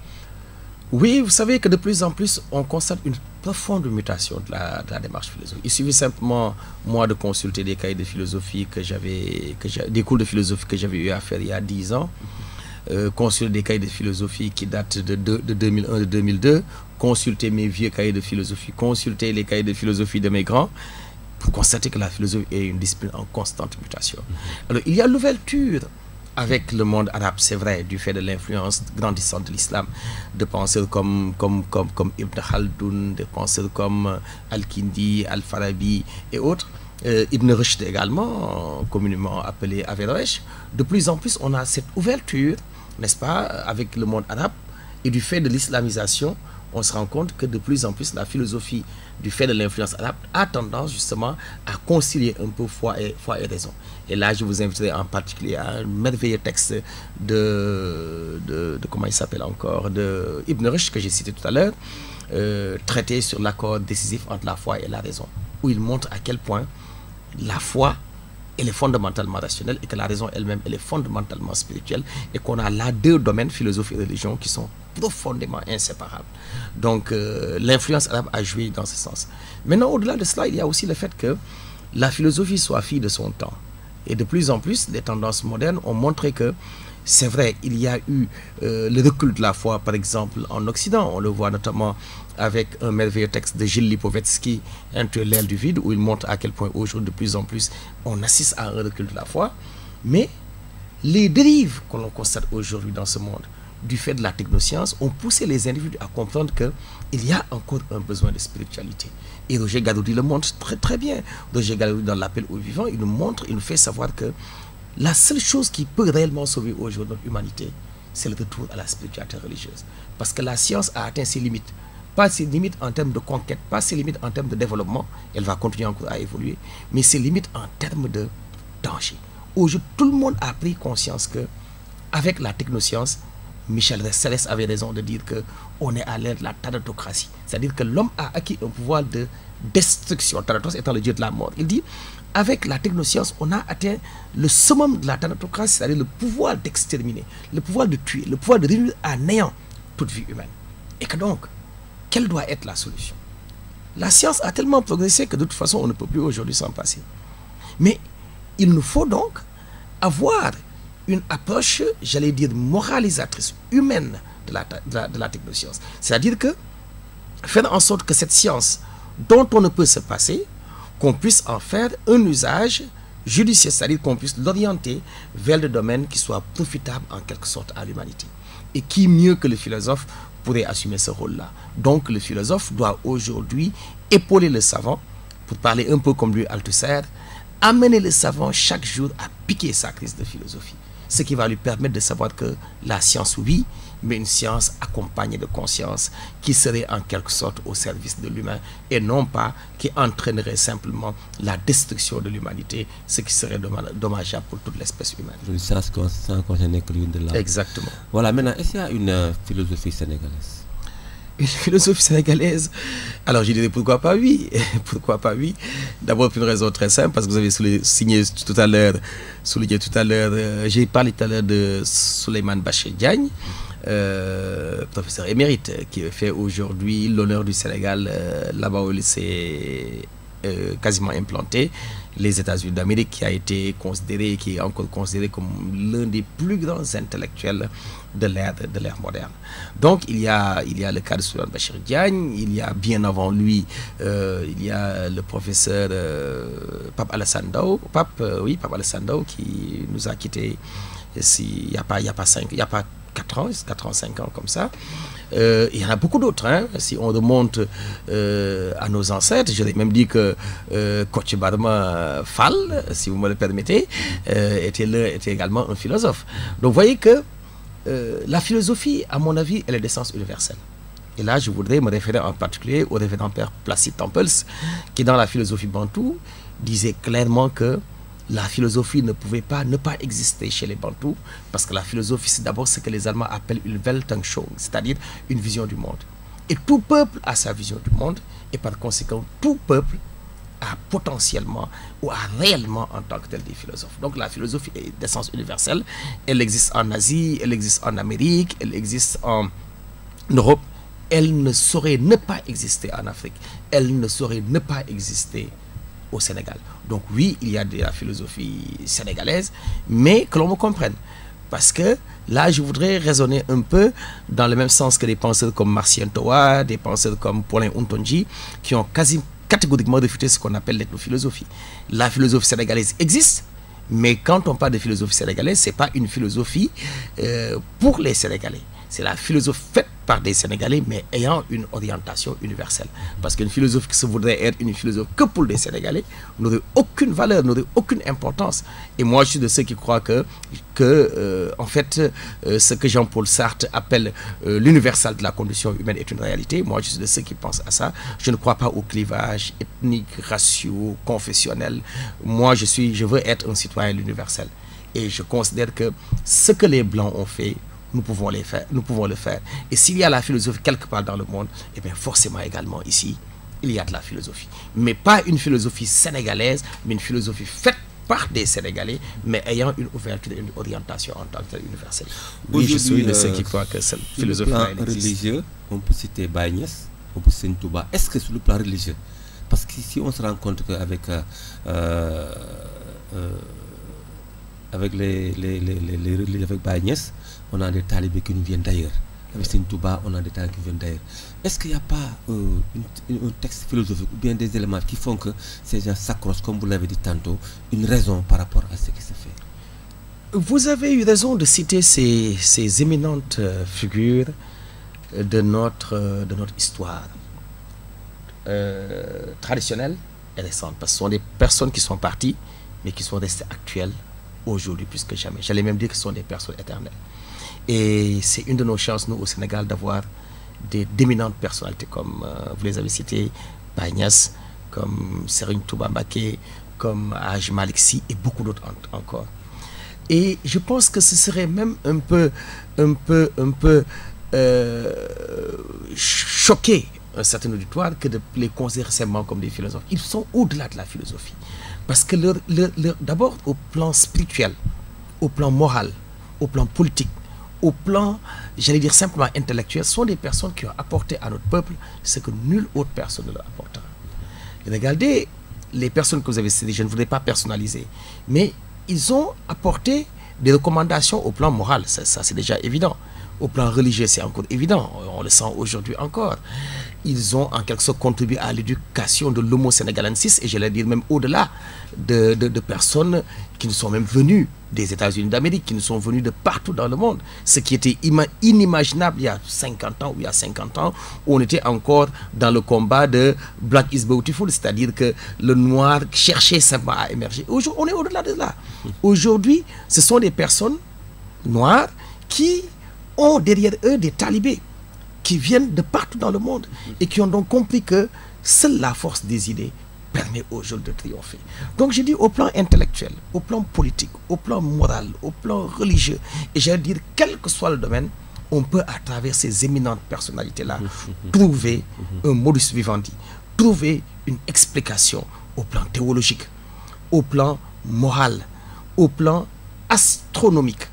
Oui, vous savez que de plus en plus, on constate une profonde mutation de la, démarche philosophique. Il suffit simplement, moi, de consulter des cahiers de philosophie que j'avais, des cours de philosophie que j'avais eu à faire il y a 10 ans. Euh, consulter des cahiers de philosophie qui datent de, 2001, de 2002, consulter mes vieux cahiers de philosophie, consulter les cahiers de philosophie de mes grands pour constater que la philosophie est une discipline en constante mutation. Alors, il y a l'ouverture avec le monde arabe, c'est vrai, du fait de l'influence grandissante de l'islam, de penseurs comme, comme, comme, comme Ibn Khaldun, de penseurs comme euh, Al-Kindi, Al-Farabi et autres, euh, Ibn Rushd également, communément appelé Averroesh. De plus en plus, on a cette ouverture, n'est-ce pas, avec le monde arabe, et du fait de l'islamisation, on se rend compte que de plus en plus la philosophie du fait de l'influence arabe, a tendance justement à concilier un peu foi et, foi et raison. Et là, je vous inviterai en particulier à un merveilleux texte de, de, comment il s'appelle encore, de Ibn Rushd que j'ai cité tout à l'heure, euh, traité sur l'accord décisif entre la foi et la raison, où il montre à quel point la foi elle est fondamentalement rationnelle et que la raison elle-même, elle est fondamentalement spirituelle et qu'on a là deux domaines, philosophie et religion, qui sont profondément inséparables. Donc euh, l'influence arabe a joué dans ce sens. Maintenant, au-delà de cela, il y a aussi le fait que la philosophie soit fille de son temps. Et de plus en plus, les tendances modernes ont montré que c'est vrai, il y a eu euh, le recul de la foi, par exemple, en Occident. On le voit notamment avec un merveilleux texte de Gilles Lipovetsky, Entre l'aile du vide, où il montre à quel point aujourd'hui, de plus en plus, on assiste à un recul de la foi. Mais les dérives que l'on constate aujourd'hui dans ce monde, du fait de la technoscience, ont poussé les individus à comprendre qu'il y a encore un besoin de spiritualité. Et Roger Gadoudi le montre très très bien. Roger Gadoudi, dans l'appel aux vivants, il nous montre, il nous fait savoir que la seule chose qui peut réellement sauver aujourd'hui notre humanité, c'est le retour à la spiritualité religieuse. Parce que la science a atteint ses limites. Pas ses limites en termes de conquête, pas ses limites en termes de développement, elle va continuer encore à évoluer, mais ses limites en termes de danger. Aujourd'hui, tout le monde a pris conscience que, avec la technoscience, Michel Céleste avait raison de dire que on est à l'ère de la tarotocratie. C'est-à-dire que l'homme a acquis un pouvoir de destruction. tarotos étant le dieu de la mort. Il dit avec la technoscience, on a atteint le summum de la technocratie, c'est-à-dire le pouvoir d'exterminer, le pouvoir de tuer, le pouvoir de réduire à néant toute vie humaine. Et que donc, quelle doit être la solution La science a tellement progressé que de toute façon, on ne peut plus aujourd'hui s'en passer. Mais il nous faut donc avoir une approche, j'allais dire, moralisatrice, humaine de la, de la technoscience. C'est-à-dire que faire en sorte que cette science dont on ne peut se passer, qu'on puisse en faire un usage judiciaire, c'est-à-dire qu'on puisse l'orienter vers le domaine qui soit profitable en quelque sorte à l'humanité. Et qui mieux que le philosophe pourrait assumer ce rôle-là Donc le philosophe doit aujourd'hui épauler le savant, pour parler un peu comme lui Althusser, amener le savant chaque jour à piquer sa crise de philosophie. Ce qui va lui permettre de savoir que la science, oui, mais une science accompagnée de conscience qui serait en quelque sorte au service de l'humain et non pas qui entraînerait simplement la destruction de l'humanité, ce qui serait dommageable pour toute l'espèce humaine. Une science concernée que l'une de l'autre. Exactement. Voilà, maintenant, est-ce qu'il y a une euh, philosophie sénégalaise une <laughs> philosophie sénégalaise Alors je dirais pourquoi pas oui <laughs> Pourquoi pas oui D'abord pour une raison très simple, parce que vous avez signé tout à l'heure, souligné tout à l'heure, euh, j'ai parlé tout à l'heure de Souleymane Bachir Diagne. Euh, professeur émérite, euh, qui fait aujourd'hui l'honneur du Sénégal euh, là-bas où il s'est quasiment implanté. Les États-Unis d'Amérique, qui a été considéré, qui est encore considéré comme l'un des plus grands intellectuels de l'ère moderne. Donc il y a il y a le cas de Soudan Bachir Diagne, il y a bien avant lui il y a le professeur Pape oui Pape qui nous a quitté il n'y a pas il y a pas cinq il y a pas 4 ans, ans, 5 ans comme ça. Euh, il y en a beaucoup d'autres. Hein. Si on remonte euh, à nos ancêtres, j'aurais même dit que euh, Barma Fall, si vous me le permettez, euh, était, était, également un philosophe. Donc vous voyez que la philosophie, à mon avis, elle est d'essence universelle. Et là, je voudrais me référer en particulier au révérend père Placide Temples, qui dans la philosophie bantou disait clairement que la philosophie ne pouvait pas ne pas exister chez les Bantous, parce que la philosophie, c'est d'abord ce que les Allemands appellent une Weltanschauung, c'est-à-dire une vision du monde. Et tout peuple a sa vision du monde, et par conséquent, tout peuple a potentiellement ou a réellement en tant que tel des philosophes. Donc la philosophie est d'essence universelle, elle existe en Asie, elle existe en Amérique, elle existe en Europe, elle ne saurait ne pas exister en Afrique, elle ne saurait ne pas exister Sénégal. Donc oui, il y a de la philosophie sénégalaise, mais que l'on me comprenne. Parce que là, je voudrais raisonner un peu dans le même sens que des penseurs comme Martien Toa, des penseurs comme Paulin Untonji, qui ont quasi catégoriquement défuté ce qu'on appelle l'ethnophilosophie. La philosophie sénégalaise existe, mais quand on parle de philosophie sénégalaise, c'est pas une philosophie euh, pour les Sénégalais. C'est la philosophie par des Sénégalais, mais ayant une orientation universelle. Parce qu'une philosophe qui se voudrait être une philosophie que pour des Sénégalais n'aurait aucune valeur, n'aurait aucune importance. Et moi, je suis de ceux qui croient que, que euh, en fait, euh, ce que Jean-Paul Sartre appelle euh, l'universal de la condition humaine est une réalité. Moi, je suis de ceux qui pensent à ça. Je ne crois pas au clivage ethnique, raciaux, confessionnel. Moi, je, suis, je veux être un citoyen universel. Et je considère que ce que les Blancs ont fait, nous pouvons, les faire, nous pouvons le faire. Et s'il y a la philosophie quelque part dans le monde, et eh bien forcément également ici, il y a de la philosophie. Mais pas une philosophie sénégalaise, mais une philosophie faite par des Sénégalais, mais ayant une ouverture et une orientation en tant que universelle. Oui, je suis de ceux qui croient que cette philosophie plan religieux, on peut citer on peut citer Est-ce que sur le plan religieux Parce que si on se rend compte qu'avec... Euh, euh, avec les, les, les, les, les avec on a des talibés qui nous viennent d'ailleurs. Avec Sintouba, on a des talibés qui viennent d'ailleurs. Est-ce qu'il n'y a pas euh, un texte philosophique ou bien des éléments qui font que ces gens s'accrochent, comme vous l'avez dit tantôt, une raison par rapport à ce qui se fait Vous avez eu raison de citer ces, ces éminentes euh, figures de notre, euh, de notre histoire euh, traditionnelle et récente. Parce ce sont des personnes qui sont parties, mais qui sont restées actuelles aujourd'hui plus que jamais. J'allais même dire que ce sont des personnes éternelles. Et c'est une de nos chances, nous, au Sénégal, d'avoir des déminentes personnalités comme euh, vous les avez citées, Bagnas, comme Serine Toubambake, comme Aj Maliksi et beaucoup d'autres encore. Et je pense que ce serait même un peu, un peu, un peu euh, choqué un certain auditoire que de les considérer seulement comme des philosophes. Ils sont au-delà de la philosophie. Parce que d'abord, au plan spirituel, au plan moral, au plan politique, au plan, j'allais dire simplement intellectuel, sont des personnes qui ont apporté à notre peuple ce que nulle autre personne ne leur apportera. Regardez les personnes que vous avez citées, je ne voudrais pas personnaliser, mais ils ont apporté des recommandations au plan moral, ça c'est déjà évident. Au plan religieux, c'est encore évident, on le sent aujourd'hui encore ils ont en quelque sorte contribué à l'éducation de l'homo sénégalensis et je l'ai dit, même au-delà de, personnes qui ne sont même venues des États-Unis d'Amérique, qui ne sont venues de partout dans le monde. Ce qui était inimaginable il y a 50 ans ou il y a 50 ans, on était encore dans le combat de Black is Beautiful, c'est-à-dire que le noir cherchait simplement à émerger. Aujourd'hui, on est au-delà de là. Aujourd'hui, ce sont des personnes noires qui ont derrière eux des talibés qui viennent de partout dans le monde et qui ont donc compris que seule la force des idées permet aux jeunes de triompher. Donc j'ai dit au plan intellectuel, au plan politique, au plan moral, au plan religieux, et j'allais dire quel que soit le domaine, on peut à travers ces éminentes personnalités-là <laughs> trouver un modus vivendi, trouver une explication au plan théologique, au plan moral, au plan astronomique,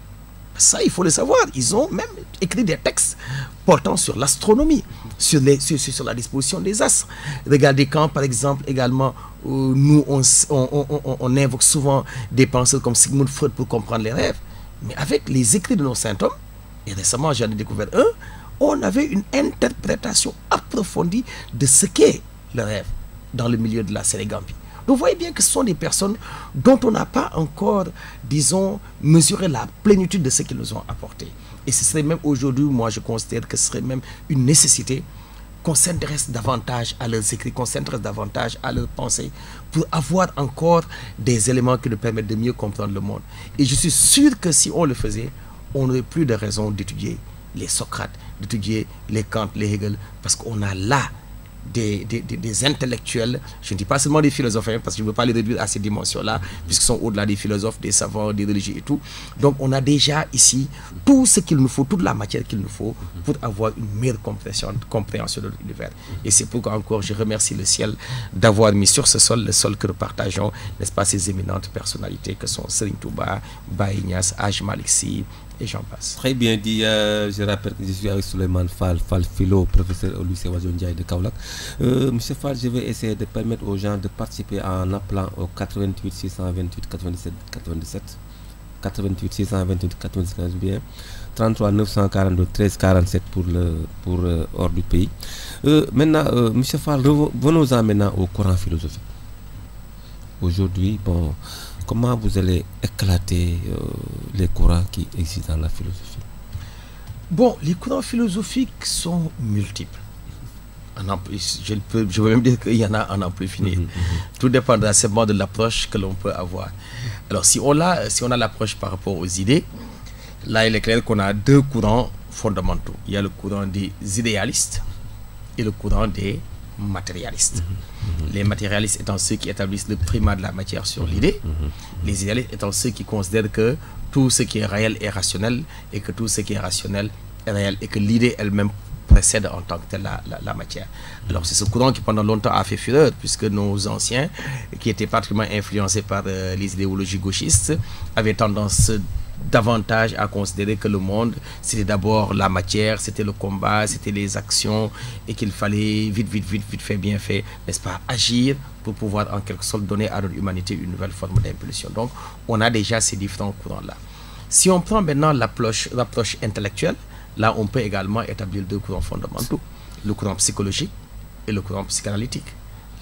ça, il faut le savoir. Ils ont même écrit des textes portant sur l'astronomie, sur, sur, sur, la disposition des astres. Regardez quand, par exemple, également, euh, nous, on, on, invoque souvent des penseurs comme Sigmund Freud pour comprendre les rêves. Mais avec les écrits de nos saints hommes, et récemment j'en ai découvert un, on avait une interprétation approfondie de ce qu'est le rêve dans le milieu de la Sénégambie. Vous voyez bien que ce sont des personnes dont on n'a pas encore, disons, mesuré la plénitude de ce qu'ils nous ont apporté. Et ce serait même aujourd'hui, moi je considère que ce serait même une nécessité qu'on s'intéresse davantage à leurs écrits, qu'on s'intéresse davantage à leurs pensées, pour avoir encore des éléments qui nous permettent de mieux comprendre le monde. Et je suis sûr que si on le faisait, on n'aurait plus de raison d'étudier les Socrates, d'étudier les Kant, les Hegel, parce qu'on a là des, des, des, intellectuels, je ne dis pas seulement des philosophes, hein, parce que je ne veux pas les réduire à ces dimensions-là, puisqu'ils sont au-delà des philosophes, des savants, des religieux et tout. Donc on a déjà ici tout ce qu'il nous faut, toute la matière qu'il nous faut pour avoir une meilleure compréhension, compréhension de l'univers. Et c'est pourquoi encore je remercie le ciel d'avoir mis sur ce sol, le sol que nous partageons, n'est-ce pas, ces éminentes personnalités que sont Serine Touba, Baïgnas Aj Maliksi, j'en passe. Très bien dit, euh, je rappelle que je suis avec Suleiman Fall, Fall Philo, professeur au lycée Wajon de Kaulak. Euh, monsieur je vais essayer de permettre aux gens de participer en appelant au 88 628 97 97. 88 628 95 bien. 33 942 13 47 pour le pour euh, hors du pays. maintenant, Monsieur Fall, venons en maintenant au courant philosophique. Aujourd'hui, bon, comment vous allez éclater euh, les courants qui existent dans la philosophie Bon, les courants philosophiques sont multiples. Je, peux, je veux même dire qu'il y en a en plus fini. Mhm, mhm. Tout dépendra seulement de l'approche que l'on peut avoir. Alors, si on a, si on a l'approche par rapport aux idées, là, il est clair qu'on a deux courants fondamentaux. Il y a le courant des idéalistes et le courant des matérialistes. Les matérialistes étant ceux qui établissent le primat de la matière sur l'idée, les idéalistes étant ceux qui considèrent que tout ce qui est réel est rationnel et que tout ce qui est rationnel est réel et que l'idée elle-même précède en tant que telle la, matière. Alors c'est ce courant qui pendant longtemps a fait fureur, puisque nos anciens, qui étaient particulièrement influencés par euh, les idéologies gauchistes, avaient tendance davantage à considérer que le monde, c'était d'abord la matière, c'était le combat, c'était les actions et qu'il fallait vite, vite, vite, vite fait, bien fait, n'est-ce pas, agir pour pouvoir en quelque sorte donner à notre humanité une nouvelle forme d'impulsion. Donc, on a déjà ces différents courants-là. Si on prend maintenant l'approche intellectuelle, là, on peut également établir deux courants fondamentaux, le courant psychologique et le courant psychanalytique.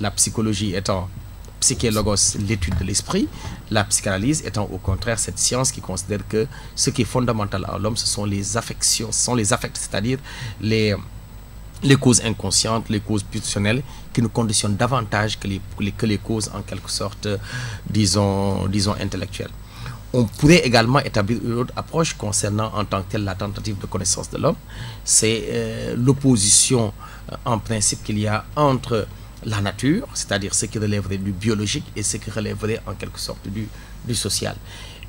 La psychologie étant psychologos, l'étude de l'esprit, la psychanalyse étant au contraire cette science qui considère que ce qui est fondamental à l'homme, ce sont les affections, sont les affects, c'est-à-dire les, les causes inconscientes, les causes pulsionnelles qui nous conditionnent davantage que les, que les causes en quelque sorte, disons, disons intellectuelles. On pourrait également établir une autre approche concernant en tant que telle la tentative de connaissance de l'homme. C'est euh, l'opposition euh, en principe qu'il y a entre la nature, c'est-à-dire ce qui relèverait du biologique et ce qui relèverait en quelque sorte du, social.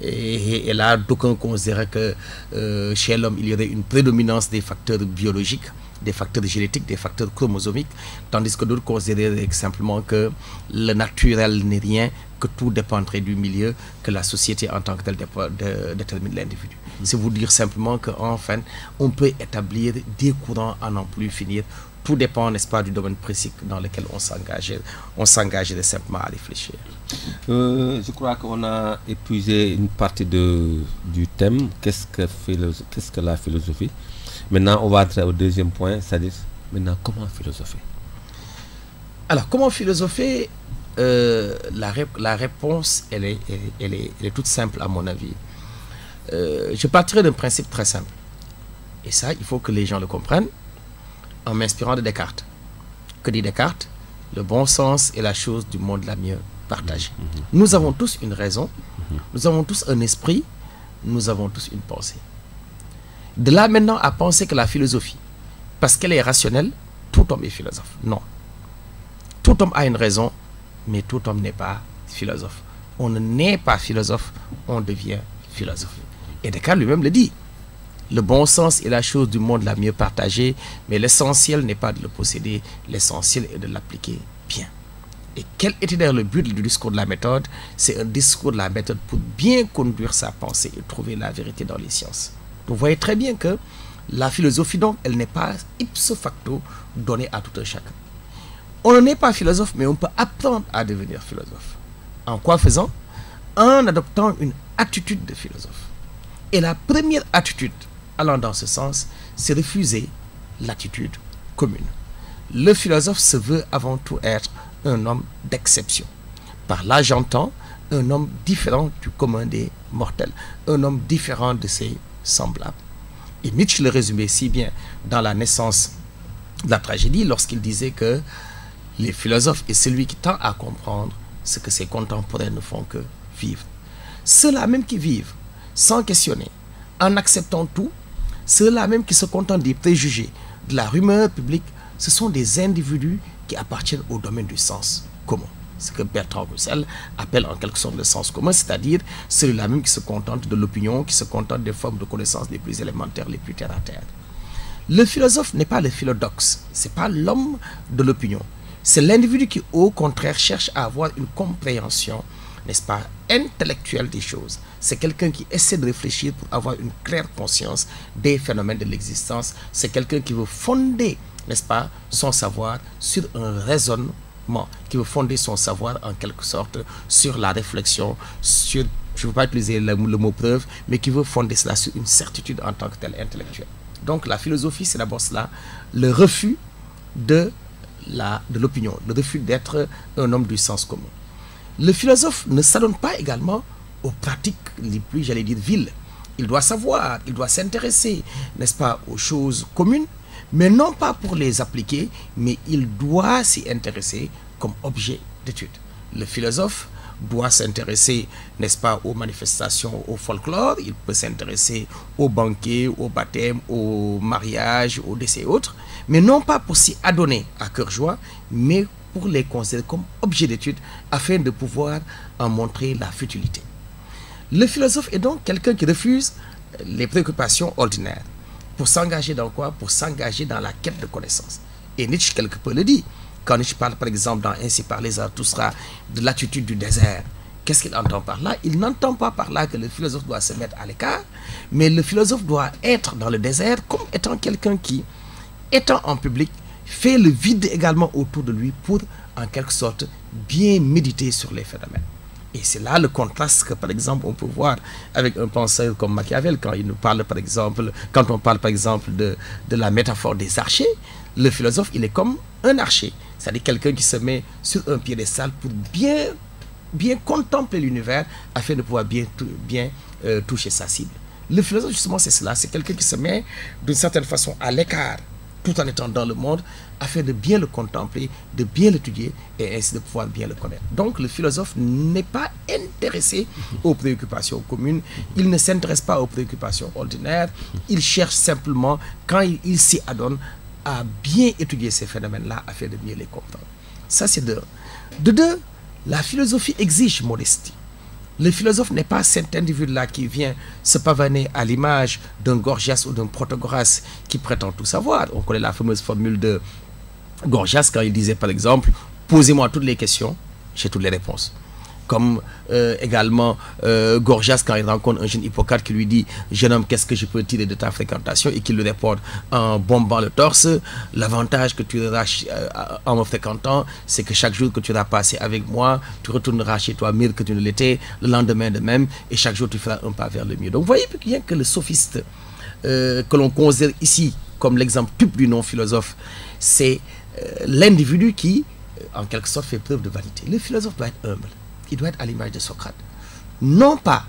Et, là, d'aucuns considèrent que euh, chez l'homme, il y aurait une prédominance des facteurs biologiques, des facteurs génétiques, des facteurs chromosomiques, tandis que d'autres considèrent simplement que le naturel n'est rien, que tout dépendrait du milieu, que la société en tant que telle détermine l'individu. Mm. C'est vous dire simplement que, enfin, on peut établir des courants à n'en plus finir tout dépend, n'est-ce pas, du domaine précis dans lequel on s'engage. On s'engage simplement à réfléchir. Euh, je crois qu'on a épuisé une partie de, du thème. Qu'est-ce que, que la philosophie Maintenant, on va entrer au deuxième point, c'est-à-dire, maintenant, comment philosopher Alors, comment philosopher euh, la, réponse, elle est, est, elle est, toute simple, à mon avis. Euh, je partirai d'un principe très simple. Et ça, il faut que les gens le comprennent en m'inspirant de Descartes. Que dit Descartes Le bon sens est la chose du monde la mieux partagée. Mm-hmm. Mm-hmm. Nous avons tous une raison, mm-hmm. nous avons tous un esprit, nous avons tous une pensée. De là maintenant à penser que la philosophie, parce qu'elle est rationnelle, tout homme est philosophe. Non. Tout homme a une raison, mais tout homme n'est pas philosophe. On n'est pas philosophe, on devient philosophe. Et Descartes lui-même le dit. Le bon sens est la chose du monde la mieux partagée, mais l'essentiel n'est pas de le posséder, l'essentiel est de l'appliquer bien. Et quel était d'ailleurs le but du discours de la méthode C'est un discours de la méthode pour bien conduire sa pensée et trouver la vérité dans les sciences. Vous voyez très bien que la philosophie, donc, elle n'est pas ipso facto donnée à tout un chacun. On n'est pas philosophe, mais on peut apprendre à devenir philosophe. En quoi faisant En adoptant une attitude de philosophe. Et la première attitude allant dans ce sens, c'est refuser l'attitude commune. Le philosophe se veut avant tout être un homme d'exception. Par là, j'entends un homme différent du commun des mortels, un homme différent de ses semblables. Et Nietzsche le résumait si bien dans La naissance de la tragédie lorsqu'il disait que les philosophes et celui qui tend à comprendre ce que ses contemporains ne font que vivre. Ceux-là même qui vivent, sans questionner, en acceptant tout, ceux-là même qui se contentent des préjugés, de la rumeur publique, ce sont des individus qui appartiennent au domaine du sens commun. Ce que Bertrand Russell appelle en quelque sorte le sens commun, c'est-à-dire celui-là même qui se contente de l'opinion, qui se contente des formes de connaissances les plus élémentaires, les plus terre à terre. Le philosophe n'est pas le philodoxe, c'est pas l'homme de l'opinion. C'est l'individu qui, au contraire, cherche à avoir une compréhension, n'est-ce pas, intellectuelle des choses. C'est quelqu'un qui essaie de réfléchir pour avoir une claire conscience des phénomènes de l'existence. C'est quelqu'un qui veut fonder, n'est-ce pas, son savoir sur un raisonnement qui veut fonder son savoir en quelque sorte sur la réflexion, sur, je ne veux pas utiliser le, mot preuve, mais qui veut fonder cela sur une certitude en tant que tel intellectuel. Donc la philosophie, c'est d'abord cela, le refus de l'opinion, de le refus d'être un homme du sens commun. Le philosophe ne s'adonne pas également aux pratiques les plus, j'allais dire, viles. Il doit savoir, il doit s'intéresser, n'est-ce pas, aux choses communes, mais non pas pour les appliquer, mais il doit s'y intéresser comme objet d'étude. Le philosophe doit s'intéresser, n'est-ce pas, aux manifestations, au folklore, il peut s'intéresser aux banquets, aux baptêmes, aux mariages, aux décès et autres, mais non pas pour s'y adonner à cœur joie, mais pour les considérer comme objet d'étude afin de pouvoir en montrer la futilité. Le philosophe est donc quelqu'un qui refuse les préoccupations ordinaires. Pour s'engager dans quoi Pour s'engager dans la quête de connaissances. Et Nietzsche, quelque peu, le dit. Quand Nietzsche parle, par exemple, dans Ainsi tout sera de l'attitude du désert, qu'est-ce qu'il entend par là Il n'entend pas par là que le philosophe doit se mettre à l'écart, mais le philosophe doit être dans le désert comme étant quelqu'un qui, étant en public, fait le vide également autour de lui pour, en quelque sorte, bien méditer sur les phénomènes. Et c'est là le contraste que, par exemple, on peut voir avec un penseur comme Machiavel, quand il nous parle, par exemple, quand on parle, par exemple, de, la métaphore des archers, le philosophe, il est comme un archer, c'est-à-dire quelqu'un qui se met sur un pied piédestal pour bien, bien contempler l'univers afin de pouvoir bien, bien euh, toucher sa cible. Le philosophe, justement, c'est cela, c'est quelqu'un qui se met d'une certaine façon à l'écart tout en étant dans le monde, afin de bien le contempler, de bien l'étudier et ainsi de pouvoir bien le connaître. Donc le philosophe n'est pas intéressé aux préoccupations communes, il ne s'intéresse pas aux préoccupations ordinaires, il cherche simplement, quand il, s'y adonne, à bien étudier ces phénomènes-là afin de bien les comprendre. Ça c'est de De deux, la philosophie exige modestie. Le philosophe n'est pas cet individu-là qui vient se pavaner à l'image d'un Gorgias ou d'un Protagoras qui prétend tout savoir. On connaît la fameuse formule de Gorgias quand il disait par exemple Posez-moi toutes les questions, j'ai toutes les réponses comme euh, également euh, Gorgias quand il rencontre un jeune Hippocrate qui lui dit Jeune homme, qu'est-ce que je peux tirer de ta fréquentation et qui le répond en bombant le torse L'avantage que tu auras euh, en me fréquentant, c'est que chaque jour que tu auras passé avec moi, tu retourneras chez toi mieux que tu ne l'étais, le lendemain de même, et chaque jour tu feras un pas vers le mieux. Donc, vous voyez bien que le sophiste que l'on considère ici comme l'exemple type du non-philosophe, c'est l'individu qui, en quelque sorte, fait preuve de vanité. Le philosophe doit être humble il doit être à l'image de Socrate. Non pas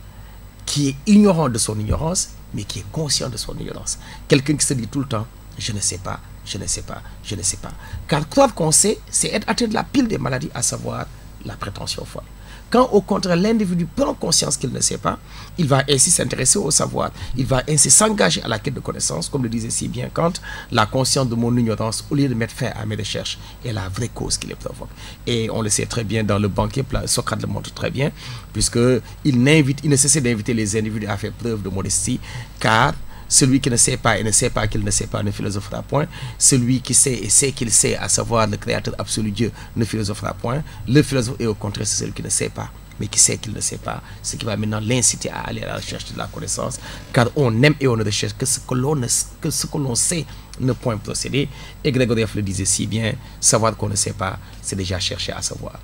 qui est ignorant de son ignorance, mais qui est conscient de son ignorance. Quelqu'un qui se dit tout le temps, je ne sais pas, je ne sais pas, je ne sais pas. Car croire qu'on sait, c'est être atteint de la pile des maladies, à savoir la prétention folle. Quand au contraire l'individu prend conscience qu'il ne sait pas, il va ainsi s'intéresser au savoir, il va ainsi s'engager à la quête de connaissances, comme le disait si bien Kant, la conscience de mon ignorance, au lieu de mettre fin à mes recherches, est la vraie cause qui les provoque. Et on le sait très bien dans le banquet, Socrate le montre très bien, puisque il, il ne cessait d'inviter les individus à faire preuve de modestie, car celui qui ne sait pas et ne sait pas qu'il ne sait pas ne philosophera point. Celui qui sait et sait qu'il sait, à savoir le Créateur absolu Dieu, ne philosophera point. Le philosophe est au contraire celui qui ne sait pas mais qui sait qu'il ne sait pas, ce qui va maintenant l'inciter à aller à la recherche de la connaissance, car on aime et on ne recherche que ce que l'on, que ce que l'on sait ne point procéder. Et Grégoire le disait si bien, savoir qu'on ne sait pas, c'est déjà chercher à savoir.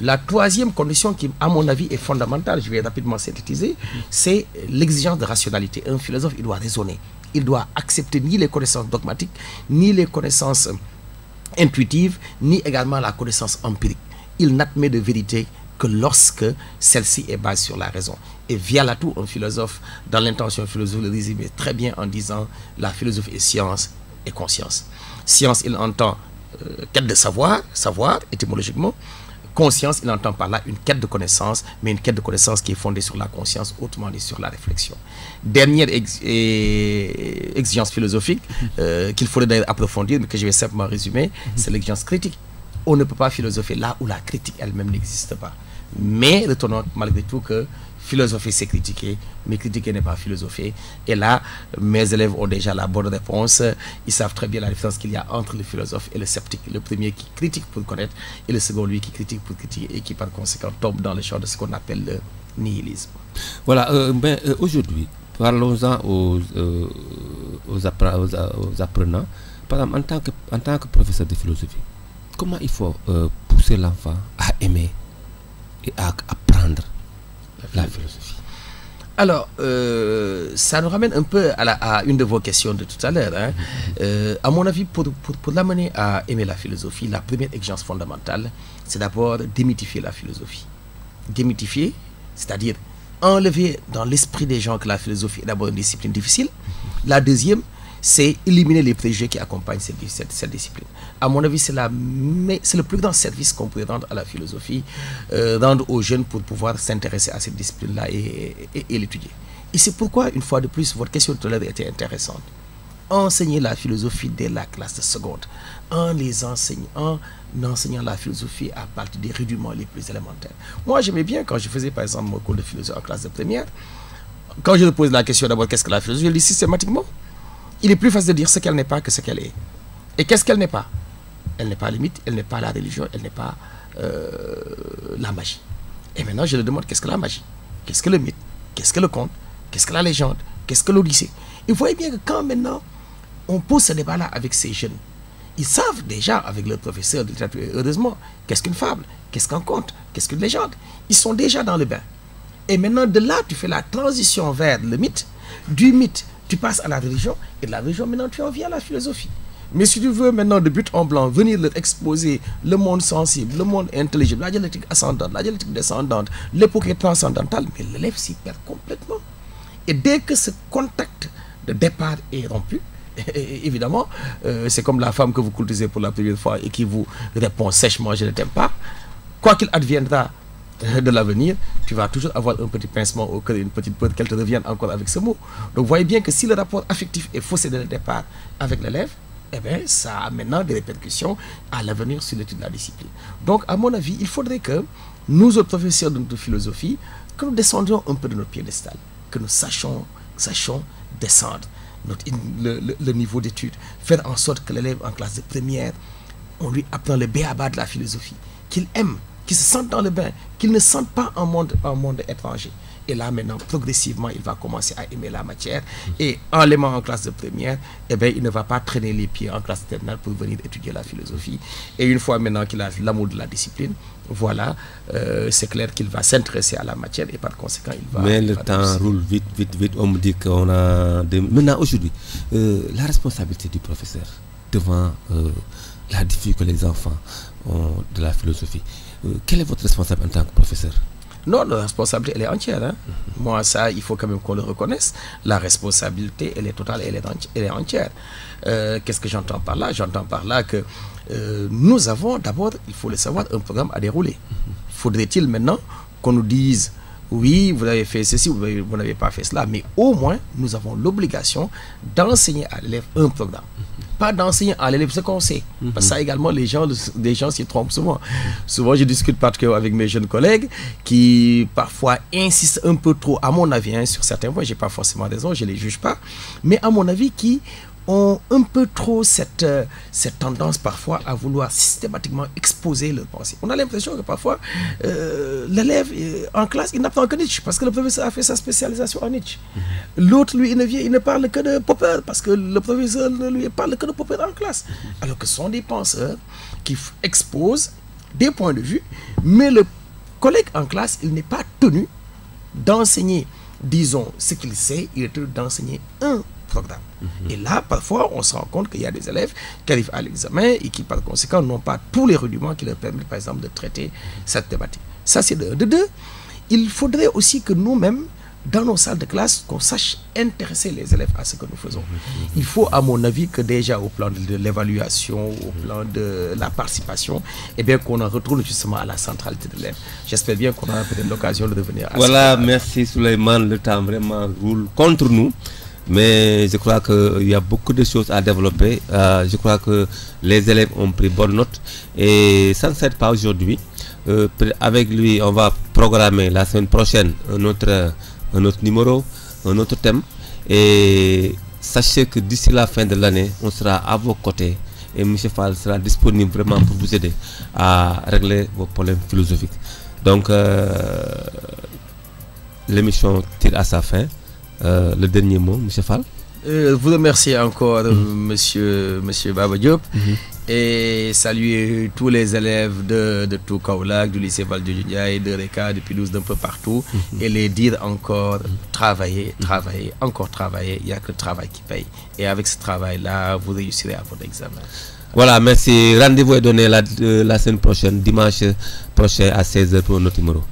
La troisième condition qui, à mon avis, est fondamentale, je vais rapidement synthétiser, c'est l'exigence de rationalité. Un philosophe, il doit raisonner. Il doit accepter ni les connaissances dogmatiques, ni les connaissances euh, intuitives, ni également la connaissance empirique. Il n'admet de vérité que lorsque celle-ci est basée sur la raison. Et via là un philosophe, dans l'intention philosophique, le résume très bien en disant la philosophie est science et conscience. Science, il entend euh, quête de savoir, savoir étymologiquement, conscience, il entend par là une quête de connaissance, mais une quête de connaissance qui est fondée sur la conscience, autrement dit sur la réflexion. Dernière eh, exigence philosophique mhm. euh, qu'il faudrait approfondir, mais que je vais simplement résumer, mhm. c'est l'exigence critique. On ne peut pas philosopher là où la critique elle-même n'existe pas. Mais retournons malgré tout que philosophie c'est critiquer, mais critiquer n'est pas philosophie Et là, mes élèves ont déjà la bonne réponse. Ils savent très bien la différence qu'il y a entre le philosophe et le sceptique. Le premier qui critique pour connaître et le second, lui, qui critique pour critiquer et qui, par conséquent, tombe dans le champ de ce qu'on appelle le nihilisme. Voilà, euh, euh, aujourd'hui, parlons-en aux, euh, aux, apprenants. Par exemple, en tant, que, en tant que professeur de philosophie, comment il faut pousser l'enfant à aimer et à, à la philosophie. Alors, euh, ça nous ramène un peu à, la, une de vos questions de tout à l'heure. Hein. Euh, à mon avis, pour, pour, pour l'amener à aimer la philosophie, la première exigence fondamentale, c'est d'abord démythifier la philosophie. Démythifier, c'est-à-dire enlever dans l'esprit des gens que la philosophie est d'abord une discipline difficile. La deuxième, c'est éliminer les préjugés qui accompagnent cette, cette, discipline. À mon avis, c'est le plus grand service qu'on peut rendre à la philosophie, euh, rendre aux jeunes pour pouvoir s'intéresser à cette discipline-là et, l'étudier. Et c'est pourquoi, une fois de plus, votre question de à était intéressante. Enseigner la philosophie dès la classe de seconde, en les enseignant, en enseignant la philosophie à partir des rudiments les plus élémentaires. Moi, j'aimais bien quand je faisais, par exemple, mon cours de philosophie en classe de première, quand je pose la question d'abord, qu'est-ce que la philosophie Je dis systématiquement, il est plus facile de dire ce qu'elle n'est pas que ce qu'elle est. Et qu'est-ce qu'elle n'est pas Elle n'est pas le mythe, elle n'est pas la religion, elle n'est pas euh, la magie. Et maintenant, je lui demande qu'est-ce que la magie Qu'est-ce que le mythe Qu'est-ce que le conte Qu'est-ce que la légende Qu'est-ce que l'Odyssée Et vous voyez bien que quand maintenant on pose ce débat-là avec ces jeunes, ils savent déjà avec le professeur de littérature, heureusement, qu'est-ce qu'une fable, qu'est-ce qu'un conte, qu'est-ce qu'une légende. Ils sont déjà dans le bain. Et maintenant, de là, tu fais la transition vers le mythe, du mythe tu passes à la religion, et de la religion, maintenant, tu en viens à la philosophie. Mais si tu veux maintenant, de but en blanc, venir leur exposer le monde sensible, le monde intelligible, la dialectique ascendante, la dialectique descendante, l'époque est transcendantale, mais l'élève s'y perd complètement. Et dès que ce contact de départ est rompu, <laughs> évidemment, euh, c'est comme la femme que vous cultivez pour la première fois et qui vous répond sèchement, je ne t'aime pas. Quoi qu'il adviendra, de l'avenir, tu vas toujours avoir un petit pincement au cœur, une petite peur qu'elle te revienne encore avec ce mot. Donc voyez bien que si le rapport affectif est faussé dès le départ avec l'élève, eh bien, ça a maintenant des répercussions à l'avenir sur l'étude de la discipline. Donc, à mon avis, il faudrait que nous, autres professeurs de notre philosophie, que nous descendions un peu de notre piédestal, que nous sachions, sachions descendre le, niveau d'étude, faire en sorte que l'élève en classe de première, on lui apprend le béaba de la philosophie, qu'il aime qu'il se sentent dans le bain, qu'ils ne sentent pas un monde, monde étranger. Et là, maintenant, progressivement, il va commencer à aimer la matière. Et en l'aimant en classe de première, eh il ne va pas traîner les pieds en classe terminale pour venir étudier la philosophie. Et une fois maintenant qu'il a l'amour de la discipline, voilà, euh, c'est clair qu'il va s'intéresser à la matière et par conséquent, il va. Mais le temps roule vite, vite, vite. On me dit qu'on a. Maintenant, aujourd'hui, euh, la responsabilité du professeur devant euh, la difficulté que les enfants ont de la philosophie. Euh, quelle est votre responsabilité en tant que professeur non, la responsabilité, elle est entière. Hein. Moi, ça, il faut quand même qu'on le reconnaisse. La responsabilité, elle est totale, elle est, entière. Euh, qu'est-ce que j'entends par là J'entends par là que euh, nous avons d'abord, il faut le savoir, un programme à dérouler. Faudrait-il maintenant qu'on nous dise, oui, vous avez fait ceci, vous n'avez pas fait cela, mais au moins, nous avons l'obligation d'enseigner à l'élève un programme pas d'enseignants à l'élève ce qu'on sait. Mhm. ça également, les gens, des gens s'y trompent souvent. Souvent, je discute particulièrement avec mes jeunes collègues qui parfois insistent un peu trop, à mon avis, hein, sur certains points. Je n'ai pas forcément raison, je ne les juge pas. Mais à mon avis, qui ont un peu trop cette, euh, cette tendance parfois à vouloir systématiquement exposer leur pensée On a l'impression que parfois, euh, l'élève euh, en classe, il n'apprend que Nietzsche parce que le professeur a fait sa spécialisation en Nietzsche. Mhm. L'autre, lui, il ne, vient, il ne parle que de Popper parce que le professeur ne lui parle que de Popper en classe. Mhm. Alors que ce sont des penseurs qui exposent des points de vue, mais le collègue en classe, il n'est pas tenu d'enseigner, disons, ce qu'il sait, il est tenu d'enseigner un Mhm. Et là, parfois, on se rend compte qu'il y a des élèves qui arrivent à l'examen et qui, par conséquent, n'ont pas tous les rudiments qui leur permettent, par exemple, de traiter mhm. cette thématique. Ça, c'est de, de deux. Il faudrait aussi que nous-mêmes, dans nos salles de classe, qu'on sache intéresser les élèves à ce que nous faisons. Mhm. Il faut, à mon avis, que déjà au plan de l'évaluation, au plan de la participation, eh bien qu'on en retrouve justement à la centralité de l'élève. J'espère bien qu'on aura peut-être l'occasion de revenir à Voilà, merci Souleymane, le temps vraiment roule contre nous mais je crois qu'il y a beaucoup de choses à développer. Euh, je crois que les élèves ont pris bonne note et ça ne s'arrête pas aujourd'hui. Euh, avec lui, on va programmer la semaine prochaine euh, un autre, numéro, un autre thème. Et sachez que d'ici la fin de l'année, on sera à vos côtés et M. Fall sera disponible vraiment pour vous aider à régler vos problèmes philosophiques. Donc, l'émission tire à sa fin. Euh, le dernier mot, M. Fall euh, Vous remercier encore, euh, M. Mhm. Babadiop, monsieur, mhm. et saluer tous les élèves de, de tout du lycée Val de et de Reka, de Pilouse, d'un peu partout, mhm. et les dire encore travailler, travailler, encore travailler, il n'y a que le travail qui paye. Et avec ce travail-là, vous réussirez à votre examen. Voilà, merci. Rendez-vous est donné la, euh, semaine prochaine, dimanche prochain à 16h pour notre numéro.